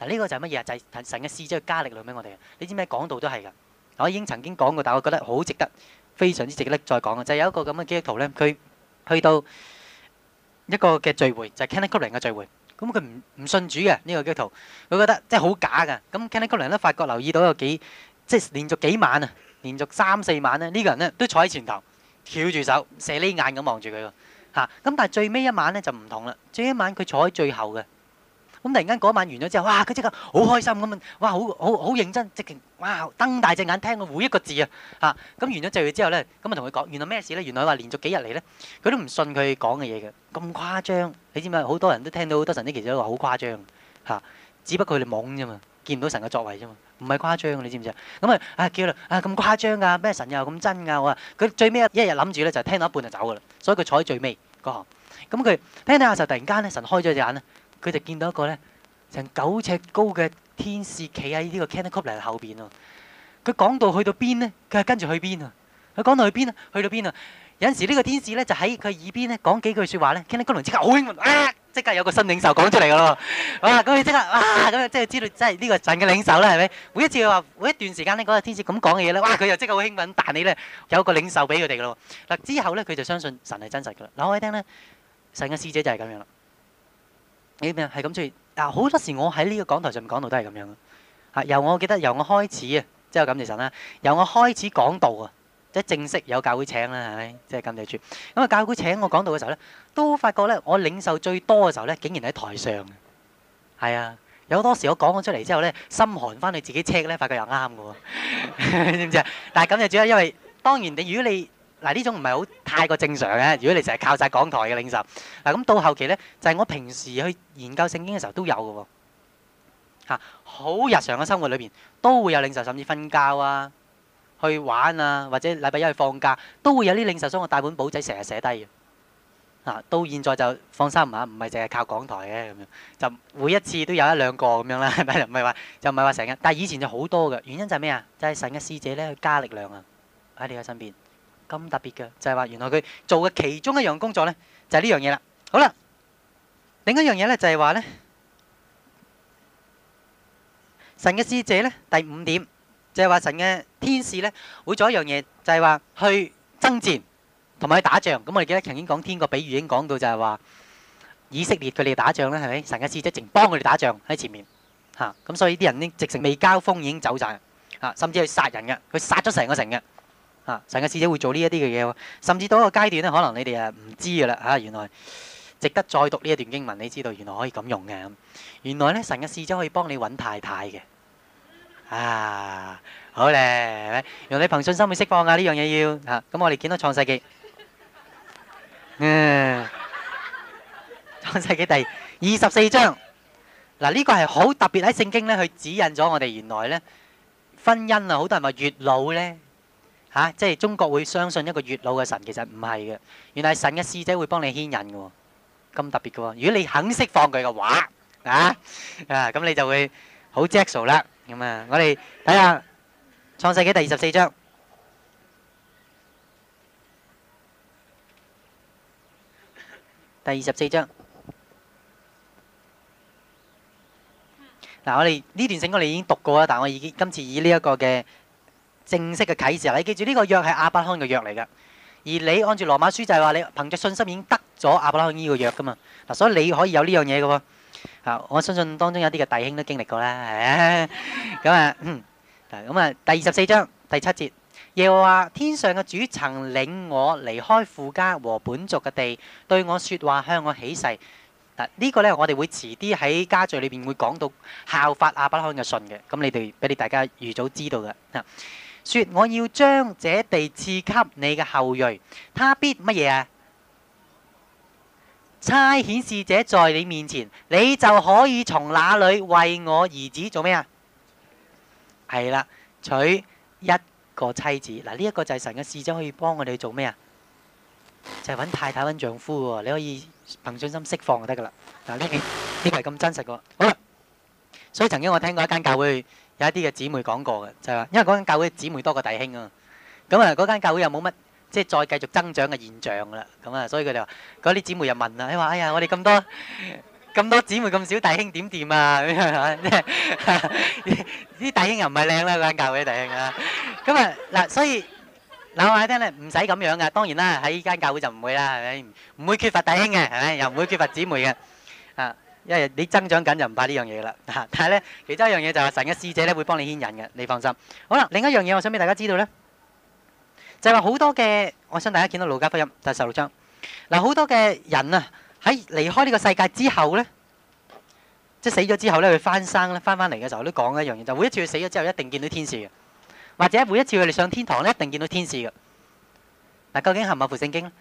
A: 嗱，呢個就係乜嘢啊？就係神嘅使者加力量俾我哋嘅。你知唔知講道都係㗎？我已經曾經講過，但我覺得好值得，非常之值得再講嘅。就有一個咁嘅基督徒咧，佢去到一個嘅聚會，就 Canning Club 嚟嘅聚會。咁佢唔唔信主嘅呢個基督徒，佢覺得真係好假㗎。咁 Canning Club 咧，發覺留意到有幾。即係連續幾晚啊，連續三四晚咧，呢、呢個人咧都坐喺前頭，翹住手，射呢眼咁望住佢喎。咁、啊、但係最尾一晚咧就唔同啦。最一晚佢坐喺最後嘅，咁、啊、突然間嗰晚完咗之後，哇！佢即刻好開心咁啊！哇！好好好認真，直情，哇，瞪大隻眼聽到每一個字啊！嚇、啊！咁完咗聚會之後咧，咁啊同佢講原來咩事咧？原來話連續幾日嚟咧，佢都唔信佢講嘅嘢嘅，咁誇張。你知唔知好多人都聽到好多神呢？其實都話好誇張嘅、啊、只不過佢哋懵啫嘛。啊見唔到神嘅作為啫嘛，唔係誇張嘅，你知唔知啊？咁啊啊，叫啦啊咁誇張噶、啊，咩神又、啊、咁真噶、啊？佢最尾一日諗住咧，就是、聽到一半就走噶啦，所以佢坐喺最尾嗰行。咁佢聽聽下，就突然間咧，神開咗隻眼咧，佢就見到一個咧成九尺高嘅天使企喺呢個 canalcul 嚟後邊。佢講到去到邊呢？佢係跟住去邊啊？佢講到去邊啊？去到邊啊？有陣時呢個天使咧就喺佢耳邊咧講幾句說話咧，canalcul 嚟即刻。即刻有個新領袖講出嚟噶咯，哇！咁佢即刻哇咁啊，即係知道真係呢個神嘅領袖啦，係咪？每一次佢話每一段時間咧，嗰個天使咁講嘢咧，哇！佢又即刻好興奮，但你咧有個領袖俾佢哋噶咯。嗱、啊、之後咧，佢就相信神係真實噶啦。嗱，我聽咧，神嘅使者就係咁樣啦。你咩係咁做？嗱、啊，好多時我喺呢個講台上面講道都係咁樣嘅嚇、啊。由我記得由我開始啊，即係我感謝神啦、啊。由我開始講道。啊。即係正式有教會請啦，係咪？即係咁就住。咁啊，教會請我講道嘅時候咧，都發覺咧，我領受最多嘅時候咧，竟然喺台上。係啊，有好多時我講咗出嚟之後咧，心寒翻去自己 check 咧，發覺又啱嘅喎。知唔知啊？但係咁就住咧，因為當然你如果你嗱呢種唔係好太過正常嘅，如果你成日靠曬講台嘅領受嗱咁到後期咧，就係我平時去研究聖經嘅時候都有嘅喎嚇，好日常嘅生活裏邊都會有領受，甚至瞓覺啊。去玩啊，或者禮拜一去放假，都會有啲領受。所以我大本簿仔成日寫低嘅，啊，到現在就放心嚇，唔係淨係靠講台嘅咁樣，就每一次都有一兩個咁樣啦，唔係唔係話就唔係話成日，但係以前就好多嘅。原因就係咩啊？就係神嘅使者咧去加力量啊，喺你嘅身邊，咁特別嘅就係話原來佢做嘅其中一樣工作咧就係呢樣嘢啦。好啦，另一樣嘢咧就係話咧，神嘅使者咧第五點。就係話神嘅天使咧，會做一樣嘢，就係話去爭戰同埋去打仗。咁我哋記得曾經講天國比喻已經講到，就係話以色列佢哋打仗咧，係咪？神嘅使者淨幫佢哋打仗喺前面嚇。咁所以啲人咧，直情未交鋒已經走曬嚇，甚至去殺人嘅，佢殺咗成個城嘅嚇。神嘅使者會做呢一啲嘅嘢喎，甚至到一個階段咧，可能你哋啊唔知噶啦嚇，原來值得再讀呢一段經文，你知道原來可以咁用嘅。原來咧，神嘅使者可以幫你揾太太嘅。啊，好咧，用你憑信心去釋放啊！呢樣嘢要嚇咁，我哋見到創世記，嗯，創世記第二二十四章嗱，呢個係好特別喺聖經咧，佢指引咗我哋原來咧婚姻啊，好多人都話月老咧嚇，即係中國會相信一個月老嘅神，其實唔係嘅。原來係神嘅使者會幫你牽引嘅，咁特別嘅。如果你肯釋放佢嘅話啊啊，咁你就會好 Jackal 啦。咁啊！我哋睇下創世紀第二十四章，第二十四章嗱，我哋呢段聖經我哋已經讀過啦。但係我已經今次以呢一個嘅正式嘅啟示，你記住呢個約係亞伯拉罕嘅約嚟噶，而你按住羅馬書就係話你憑着信心已經得咗亞伯拉罕呢個約噶嘛。嗱，所以你可以有呢樣嘢噶喎。我相信當中有啲嘅弟兄都經歷過啦，係 啊、嗯！咁、嗯、啊，咁、嗯、啊，第二十四章第七節，耶和華天上嘅主曾領我離開父家和本族嘅地，對我説話向我起誓。嗱、嗯、呢、這個呢，我哋會遲啲喺家聚裏邊會講到效法亞伯拉罕嘅信嘅，咁你哋俾你大家預早知道嘅。嗱、嗯，說我要將這地賜給你嘅後裔。他必乜嘢？差遣使者在你面前，你就可以從那裏為我兒子做咩啊？係啦，娶一個妻子。嗱，呢一個就係神嘅使者可以幫我哋做咩啊？就係搵太太搵丈夫噶，你可以憑信心釋放就得噶啦。嗱，呢件呢個係咁真實噶。好啦，所以曾經我聽過一間教會有一啲嘅姊妹講過嘅，就係話，因為嗰間教會姊妹多過弟兄啊。咁啊，嗰間教會又冇乜。即係再繼續增長嘅現象啦，咁啊，所以佢哋話：嗰啲姊妹又問啦，你話：哎呀，我哋咁多咁多姊妹咁少弟兄點掂啊？啲弟兄又唔係靚啦，間教會弟兄啊，咁啊嗱，所以我話你聽咧，唔使咁樣噶。當然啦，喺依間教會就唔會啦，係咪？唔會缺乏弟兄嘅，係咪？又唔會缺乏姊妹嘅，啊，因為你增長緊就唔怕呢樣嘢啦。但係咧，其中一樣嘢就係神嘅使者咧會幫你牽引嘅，你放心。好啦，另一樣嘢我想俾大家知道咧。就係話好多嘅，我想大家見到路加福音第十六章。嗱，好多嘅人啊，喺離開呢個世界之後呢，即係死咗之後呢，佢翻生咧，翻翻嚟嘅時候都講一樣嘢，就每一次佢死咗之後一定見到天使嘅，或者每一次佢哋上天堂呢，一定見到天使嘅。嗱，究竟係咪係附聖經呢？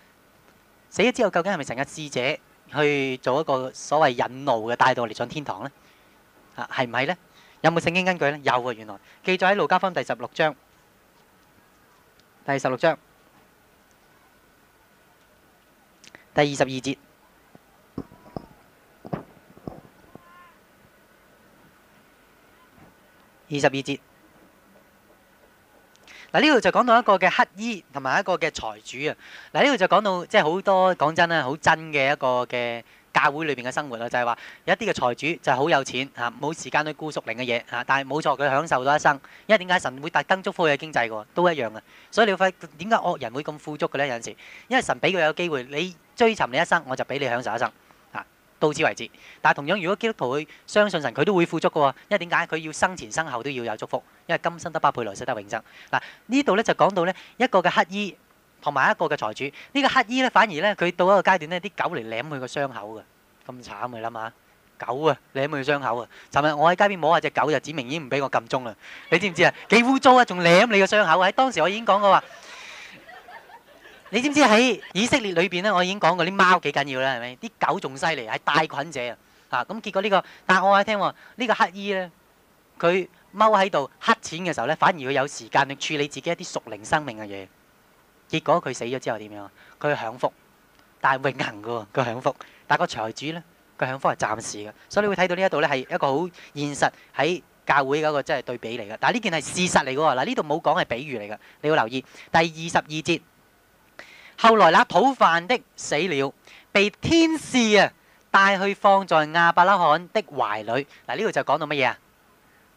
A: 死咗之後究竟係咪成個使者去做一個所謂引路嘅帶到我哋上天堂呢？嚇係唔係咧？有冇聖經根據呢？有啊，原來記載喺路加福音第十六章。第十六章，第二十二節，二十二節。嗱，呢度就講到一個嘅乞衣，同埋一個嘅財主啊。嗱，呢度就講到，即係好多講真啊，好真嘅一個嘅。教會裏面嘅生活啊，就係、是、話有一啲嘅財主就係好有錢嚇，冇、啊、時間去顧屬靈嘅嘢嚇，但係冇錯佢享受到一生，因為點解神會特登祝福佢嘅經濟嘅都一樣嘅，所以你要發現點解惡人會咁富足嘅咧？有陣時，因為神俾佢有機會，你追尋你一生，我就俾你享受一生嚇、啊。到此為止。但係同樣，如果基督徒會相信神，佢都會富足嘅喎、啊，因為點解佢要生前生後都要有祝福，因為今生得百倍，來世得永生。嗱、啊、呢度咧就講到咧一個嘅乞衣。同埋一個嘅財主，呢個乞衣咧，反而咧佢到一個階段咧，啲狗嚟舐佢個傷口嘅，咁慘嘅啦嘛，狗啊舐佢個傷口啊！尋日我喺街邊摸下隻狗就指明已經唔俾我撳鐘啦，你知唔知啊？幾污糟啊，仲舐你個傷口啊！喺當時我已經講過話，你知唔知喺以色列裏邊咧，我已經講過啲貓幾緊要啦，係咪啲狗仲犀利係帶菌者啊？嚇，咁結果呢個，但係我喺聽呢個乞衣咧，佢踎喺度乞錢嘅時候咧，反而佢有時間去處理自己一啲屬靈生命嘅嘢。結果佢死咗之後點樣？佢享福，但係永恆嘅喎。佢享福，但係個財主呢？佢享福係暫時嘅，所以你會睇到呢一度呢，係一個好現實喺教會嗰個真係對比嚟嘅。但係呢件係事，事實嚟嘅喎。嗱呢度冇講係比喻嚟嘅，你要留意第二十二節。後來那討飯的死了，被天使啊帶去放在亞伯拉罕的懷裡嗱。呢度就講到乜嘢啊？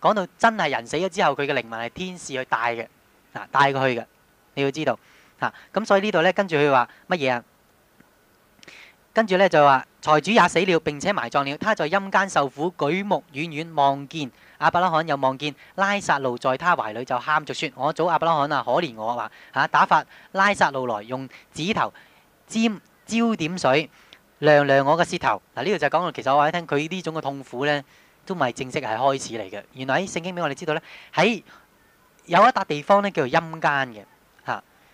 A: 講到真係人死咗之後，佢嘅靈魂係天使去帶嘅嗱，帶佢去嘅。你要知道。嚇！咁、啊嗯、所以呢度咧，跟住佢話乜嘢啊？跟住咧就話財主也死了並且埋葬了，他在陰間受苦，舉目遠遠望見，阿伯，望見阿伯拉罕，又望見拉撒路在他懷裡就喊着說：我祖阿伯拉罕啊，可憐我啊！話嚇打發拉撒路來用指頭沾焦點水涼涼我嘅舌頭。嗱呢度就講到其實我話你聽，佢呢種嘅痛苦呢，都唔係正式係開始嚟嘅。原來喺聖經畀我哋知道呢，喺有一笪地方呢，叫做陰間嘅。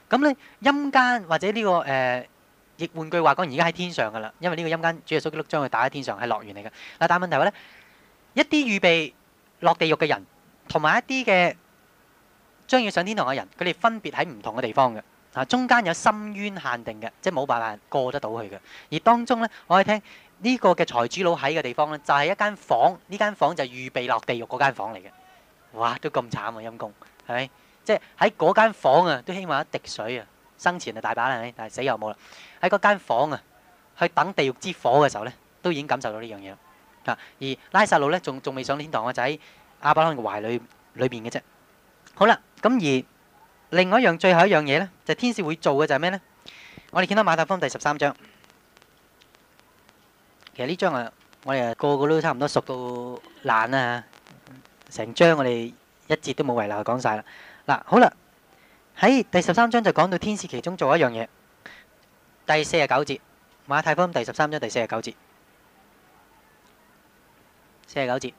A: 咁咧陰間或者呢、這個誒，亦、呃、換句話講，而家喺天上噶啦，因為呢個陰間主耶穌基督將佢打喺天上，係樂園嚟嘅。嗱，但係問題話咧，一啲預備落地獄嘅人，同埋一啲嘅將要上天堂嘅人，佢哋分別喺唔同嘅地方嘅。嗱、啊，中間有深淵限定嘅，即係冇辦法過得到去嘅。而當中咧，我哋聽呢、這個嘅財主佬喺嘅地方咧，就係、是、一間房，呢間房就係預備落地獄嗰間房嚟嘅。哇，都咁慘啊陰公，係咪？即喺嗰間房啊，都希望一滴水啊。生前啊，大把啦，但係死又冇啦。喺嗰間房啊，去等地獄之火嘅時候咧，都已經感受到呢樣嘢啦。啊，而拉撒路咧，仲仲未上天堂嘅，就喺亞伯拉罕嘅懷裏裏邊嘅啫。好啦，咁而另外一樣最後一樣嘢咧，就天使會做嘅就係咩咧？我哋見到馬太福音第十三章，其實呢章啊，我哋個個都差唔多熟到爛啦嚇，成章我哋一節都冇遺留講曬啦。嗱，好啦，喺第十三章就講到天使其中做一樣嘢，第四十九節，馬太福音第十三章第四十九節，四十九節，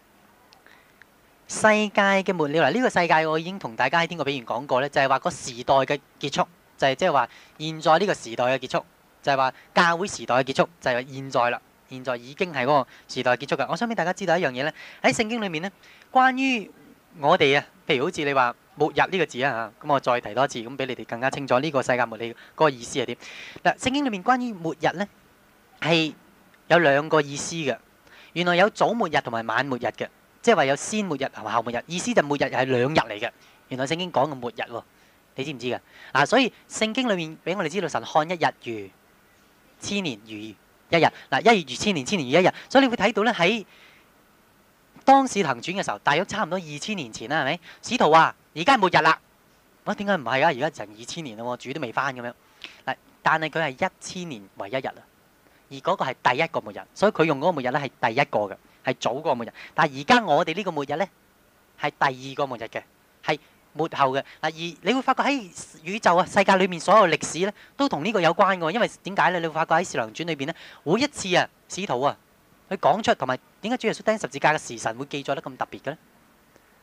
A: 世界嘅末了嗱。呢個世界我已經同大家喺呢個比喻講過咧，就係話個時代嘅結束，就係即係話現在呢個時代嘅結束，就係話教會時代嘅結束，就係話現在啦。現在已經係嗰個時代嘅結束噶。我想俾大家知道一樣嘢咧，喺聖經裏面咧，關於我哋啊，譬如好似你話。末日呢個字啊嚇，咁、嗯、我再提多次，咁俾你哋更加清楚呢、這個世界末日嗰個意思係點？嗱、啊，聖經裏面關於末日呢，係有兩個意思嘅，原來有早末日同埋晚末日嘅，即係話有先末日同埋後末日，意思就末日係兩日嚟嘅。原來聖經講嘅末日喎、哦，你知唔知嘅？嗱、啊，所以聖經裏面俾我哋知道神看一日如千年，如一日，嗱、啊、一日如千年，千年如一日。所以你會睇到呢，喺當時行傳嘅時候，大約差唔多二千年前啦，係咪？使徒話。而家係末日啦！我點解唔係啊？而家成二千年啦，主都未翻咁樣。但係佢係一千年為一日啊，而嗰個係第一個末日，所以佢用嗰個末日咧係第一個嘅，係早個末日。但係而家我哋呢個末日咧係第二個末日嘅，係末後嘅。嗱，而你會發覺喺宇宙啊、世界裏面所有歷史咧，都同呢個有關嘅。因為點解咧？你會發覺喺《四郎傳》裏邊咧，每一次啊，使徒啊，佢講出同埋點解主耶穌釘十字架嘅時辰會記載得咁特別嘅咧？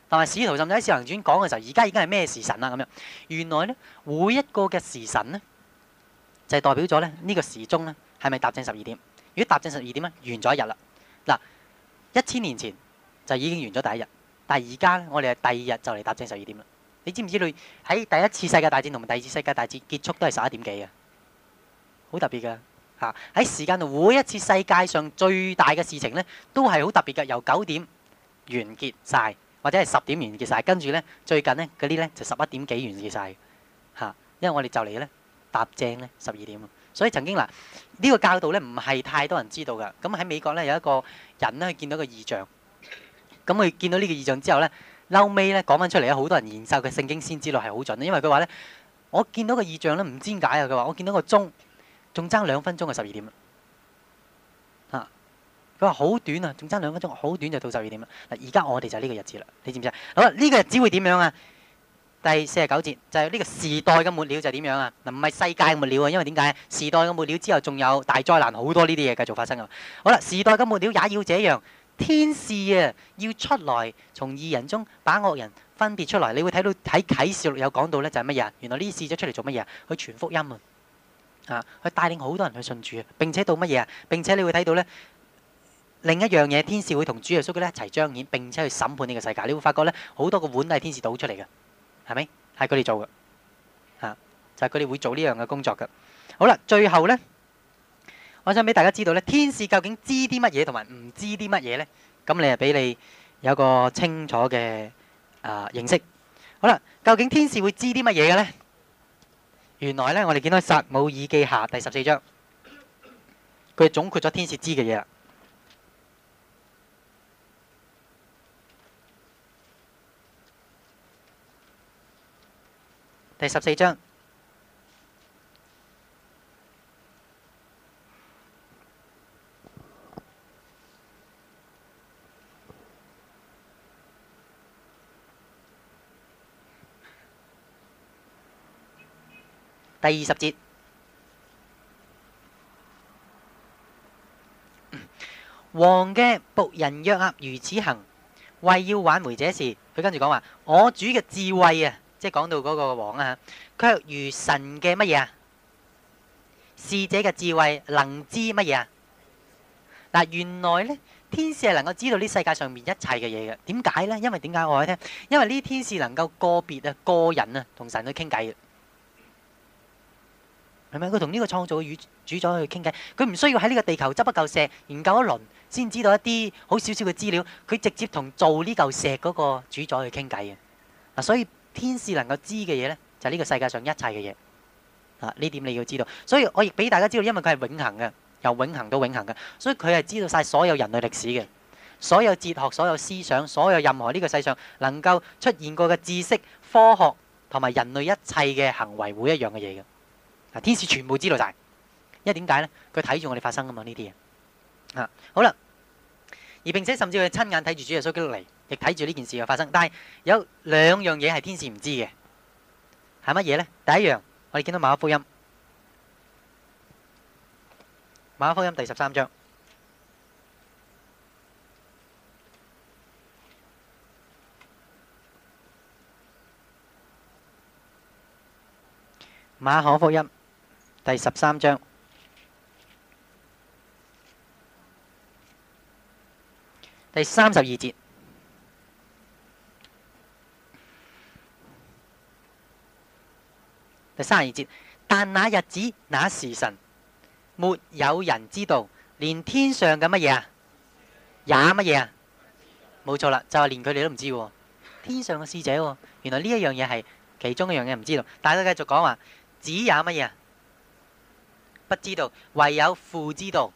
A: 但係《使徒》甚至喺《使徒行傳》講嘅時候，而家已經係咩時辰啦？咁樣，原來呢，每一個嘅時辰呢，就係、代表咗咧呢、呢個時鐘呢，係咪踏正十二點？如果踏正十二點呢，完咗一日啦。嗱，一千年前就已經完咗第一日，但係而家呢，我哋係第二日就嚟踏正十二點啦。你知唔知你喺第一次世界大戰同第二次世界大戰結束都係十一點幾啊？好特別㗎吓，喺時間度，每一次世界上最大嘅事情呢，都係好特別嘅，由九點完結晒。或者係十點完結晒，跟住呢，最近呢嗰啲呢就十一點幾完結晒。嘅因為我哋就嚟呢搭正呢十二點。所以曾經嗱呢、呢個教導呢唔係太多人知道噶。咁喺美國呢有一個人呢見到個異象，咁佢見到呢個異象之後呢，嬲尾呢講翻出嚟。好多人研究嘅聖經先知錄係好準，因為佢話呢：「我見到個異象呢唔知點解啊，佢話我見到個鐘仲爭兩分鐘啊十二點佢話好短啊，仲差兩分鐘，好短就到十二點啦。嗱，而家我哋就係呢個日子啦，你知唔知啊？好啦，呢、這個日子會點樣啊？第四十九節就係、是、呢個時代嘅末了就點樣啊？嗱、啊，唔係世界嘅末了啊，因為點解啊？時代嘅末了之後仲有大災難好多呢啲嘢繼續發生嘅。好啦，時代嘅末了也要這樣，天使啊要出來從義人中把惡人分別出來。你會睇到喺啟示錄有講到呢，就係乜嘢啊？原來呢啲使者出嚟做乜嘢啊？去傳福音啊，啊，去帶領好多人去信主啊。並且到乜嘢啊？並且你會睇到呢。另一樣嘢，天使會同主耶穌咧一齊彰顯，並且去審判呢個世界。你會發覺咧，好多個碗都係天使倒出嚟嘅，係咪？係佢哋做嘅，吓就係佢哋會做呢樣嘅工作嘅。好啦，最後咧，我想俾大家知道咧，天使究竟知啲乜嘢，同埋唔知啲乜嘢咧？咁你啊，俾你有個清楚嘅啊認識。好啦，究竟天使會知啲乜嘢嘅咧？原來咧，我哋見到撒母耳記下第十四章，佢總括咗天使知嘅嘢啦。第十四章，第二十節，王嘅僕人約押如此行，為要挽回這事，佢跟住講話：我主嘅智慧啊！即係講到嗰個王啊，卻如神嘅乜嘢啊？使者嘅智慧能知乜嘢啊？嗱，原來咧，天使係能夠知道呢世界上面一切嘅嘢嘅。點解咧？因為點解我講你聽？因為呢天使能夠個別啊、個人啊，同神去傾偈，係咪佢同呢個創造嘅主主宰去傾偈？佢唔需要喺呢個地球執一嚿石研究一輪，先知道一啲好少少嘅資料。佢直接同做呢嚿石嗰個主宰去傾偈嘅嗱，所以。天使能夠知嘅嘢呢，就係呢個世界上一切嘅嘢。啊，呢點你要知道，所以我亦俾大家知道，因為佢係永恆嘅，由永恆到永恆嘅，所以佢係知道晒所有人類歷史嘅，所有哲學、所有思想、所有任何呢個世上能夠出現過嘅知識、科學同埋人類一切嘅行為，每一樣嘅嘢嘅。嗱，天使全部知道晒，因為點解呢？佢睇住我哋發生㗎嘛呢啲嘢。好啦，而並且甚至佢哋親眼睇住主耶穌基督嚟。亦睇住呢件事嘅發生，但係有兩樣嘢係天使唔知嘅，係乜嘢咧？第一樣，我哋見到馬可福音，馬可福音第十三章，馬可福音第十三章，第三十二節。第三十二節，但那日子、那時辰，沒有人知道，連天上嘅乜嘢啊，也乜嘢啊，冇錯啦，就係連佢哋都唔知，天上嘅使者，原來呢一樣嘢係其中一樣嘢唔知道。但係佢繼續講話，子也乜嘢啊？不知道，唯有父知道。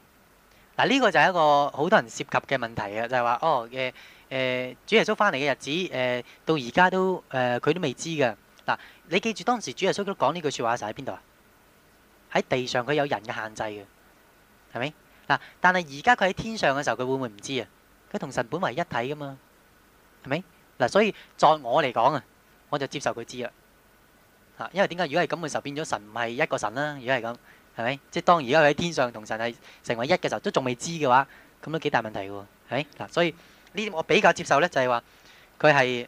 A: 嗱、這、呢個就係一個好多人涉及嘅問題啊，就係話哦嘅，誒，主耶穌翻嚟嘅日子，誒，到而家都誒，佢都未知嘅嗱。你記住當時主耶穌都講呢句説話嘅時候喺邊度啊？喺地上佢有人嘅限制嘅，係咪嗱？但係而家佢喺天上嘅時候佢會唔會唔知啊？佢同神本為一體噶嘛，係咪嗱？所以在我嚟講啊，我就接受佢知啦嚇，因為點解如果係咁嘅時候變咗神唔係一個神啦？如果係咁係咪？即係當而家佢喺天上同神係成為一嘅時候都仲未知嘅話，咁都幾大問題嘅喎，係咪嗱？所以呢啲我比較接受咧就係話佢係。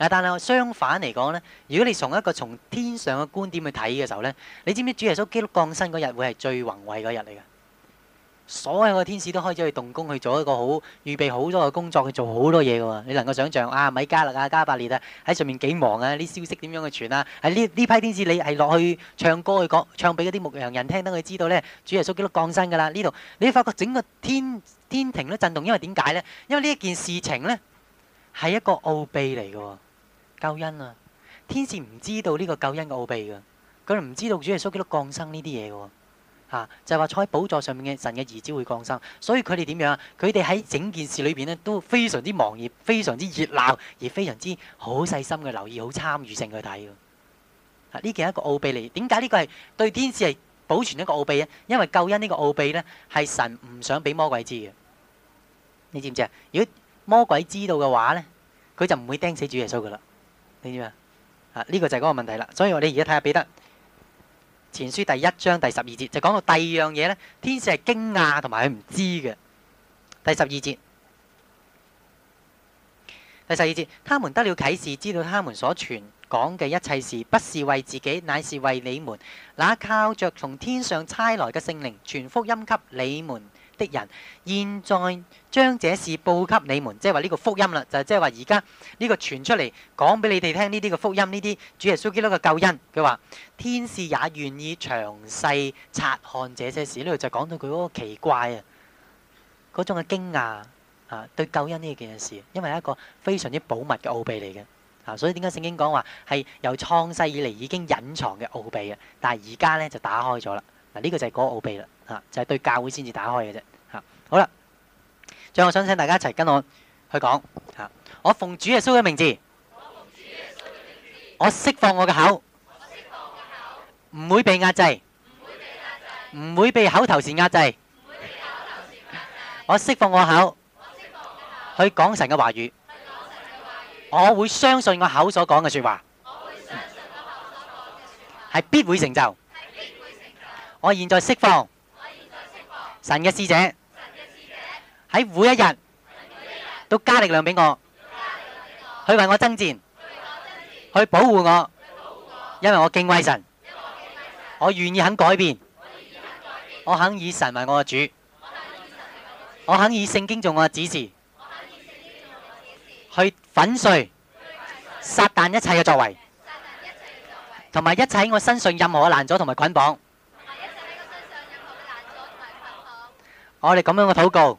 A: 啊！但係相反嚟講咧，如果你從一個從天上嘅觀點去睇嘅時候咧，你知唔知主耶穌基督降生嗰日會係最宏偉嗰日嚟㗎？所有嘅天使都開始去動工去做一個好預備好多嘅工作，去做好多嘢㗎喎。你能夠想象啊，米迦勒啊、加百列啊，喺上面幾忙啊？啲消息點樣去傳啊？喺呢呢批天使，你係落去唱歌去講，唱俾嗰啲牧羊人聽，等佢知道咧，主耶穌基督降生㗎喇。呢度你發覺整個天天庭都震動，因為點解咧？因為呢一件事情咧，係一個奧秘嚟㗎喎。救恩啊！天使唔知道呢個救恩嘅奧秘噶，佢唔知道主耶穌基督降生呢啲嘢噶，吓、啊、就話、是、坐喺寶座上面嘅神嘅兒子會降生，所以佢哋點樣啊？佢哋喺整件事裏邊咧都非常之忙熱，非常之熱鬧，而非常之好細心嘅留意，好參與性去睇。吓，呢件係一個奧秘嚟，點解呢個係對天使係保存一個奧秘啊？因為救恩呢個奧秘咧係神唔想俾魔鬼知嘅。你知唔知啊？如果魔鬼知道嘅話咧，佢就唔會釘死主耶穌噶啦。你知嘛？啊，呢個就係嗰個問題啦。所以我哋而家睇下彼得前書第一章第十二節，就講到第二樣嘢咧，天使係驚訝同埋佢唔知嘅。第十二節，第十二節，他們得了啟示，知道他們所傳講嘅一切事，不是為自己，乃是為你們。那靠着從天上差來嘅聖靈，傳福音給你們的人，現在將這事報給你們，即係話呢個福音啦，就係即係話而家呢個傳出嚟，講俾你哋聽呢啲嘅福音，呢啲主耶穌基督嘅救恩。佢話天使也願意詳細察看這些事，呢度就講到佢嗰個奇怪啊，嗰種嘅驚訝啊，對救恩呢件事，因為係一個非常之保密嘅奧秘嚟嘅啊，所以點解聖經講話係由創世以嚟已經隱藏嘅奧秘啊，但係而家咧就打開咗啦。嗱、這、呢個就係嗰個奧秘啦，啊就係、是、對教會先至打開嘅啫。好啦，最後我想請大家一齊跟我去講嚇。我奉主耶穌嘅名字，我奉主耶穌名字。我釋放我嘅口，我釋放我口，唔會被壓制，唔會被壓制，唔會被口頭禪壓制，唔會被口頭禪壓制，我釋放我口，我釋放我口，去講神嘅話語，去講神嘅話語，我會相信我口所講嘅説話，我會相信我口所講嘅説話，係必會成就，我現在釋放我現在釋放，神嘅使者。喺每一日都加力量俾我，去為我征戰，去保護我，因為我敬畏神，我願意肯改變，我肯以神為我嘅主，我肯以聖經做我嘅指示，去粉碎撒旦一切嘅作為，同埋一切喺我身上任何攔阻同埋捆綁，我哋咁樣嘅禱告。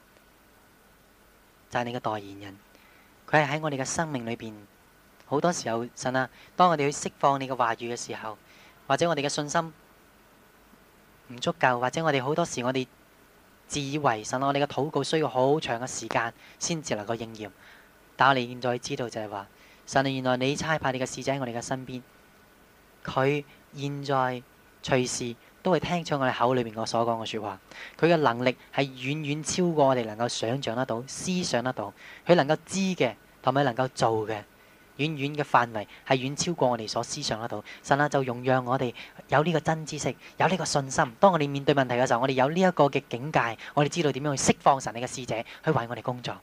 A: 就係你嘅代言人，佢係喺我哋嘅生命裏邊好多時候，神啊，當我哋去釋放你嘅話語嘅時候，或者我哋嘅信心唔足夠，或者我哋好多時我哋自以為神啊，我哋嘅禱告需要好長嘅時間先至能夠應驗。但我哋現在知道就係話，神啊，原來你差派你嘅使者喺我哋嘅身邊，佢現在隨時。都會聽出我哋口裏邊我所講嘅説話，佢嘅能力係遠遠超過我哋能夠想像得到、思想得到。佢能夠知嘅同埋能夠做嘅，遠遠嘅範圍係遠超過我哋所思想得到。神啊，就容讓我哋有呢個真知識，有呢個信心。當我哋面對問題嘅時候，我哋有呢一個嘅境界，我哋知道點樣去釋放神你嘅使者去為我哋工作。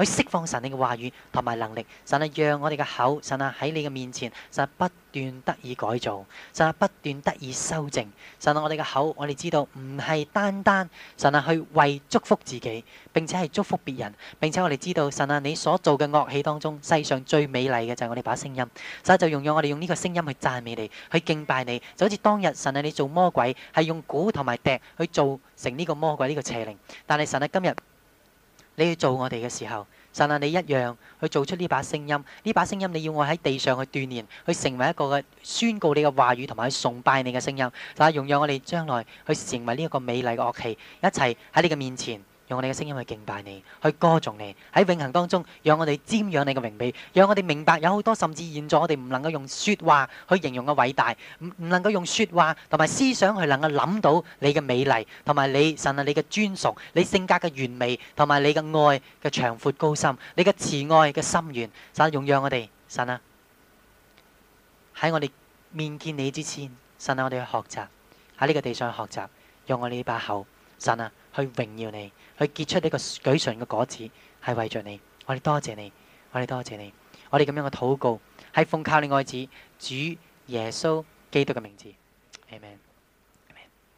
A: 去釋放神你嘅話語同埋能力，神啊，讓我哋嘅口，神啊，喺你嘅面前，神啊，不斷得以改造，神啊，不斷得以修正，神啊，我哋嘅口，我哋知道唔係單單神啊去為祝福自己，並且係祝福別人，並且我哋知道神啊，你所做嘅樂器當中，世上最美麗嘅就係我哋把聲音，神啊，就容讓我哋用呢個聲音去讚美你，去敬拜你，就好似當日神啊，你做魔鬼係用鼓同埋笛去造成呢個魔鬼呢個邪靈，但係神啊，今日。你要做我哋嘅時候，神啊，你一樣去做出呢把聲音，呢把聲音你要我喺地上去鍛煉，去成為一個宣告你嘅話語同埋去崇拜你嘅聲音，啊，容讓我哋將來去成為呢一個美麗嘅樂器，一齊喺你嘅面前。用我哋嘅聲音去敬拜你，去歌頌你，喺永恒當中讓我哋瞻仰你嘅榮美，讓我哋明白有好多甚至現在我哋唔能夠用說話去形容嘅偉大，唔唔能夠用說話同埋思想去能夠諗到你嘅美麗同埋你，神啊，你嘅尊崇，你性格嘅完美同埋你嘅愛嘅長闊高深，你嘅慈愛嘅深遠，神啊，榮耀我哋，神啊，喺我哋面見你之前，神啊，我哋去學習喺呢個地上去學習，用我哋呢把口，神啊。去榮耀你，去結出呢個舉純嘅果子，係為着你。我哋多謝你，我哋多謝你，我哋咁樣嘅禱告，係奉靠你愛子主耶穌基督嘅名字，阿門。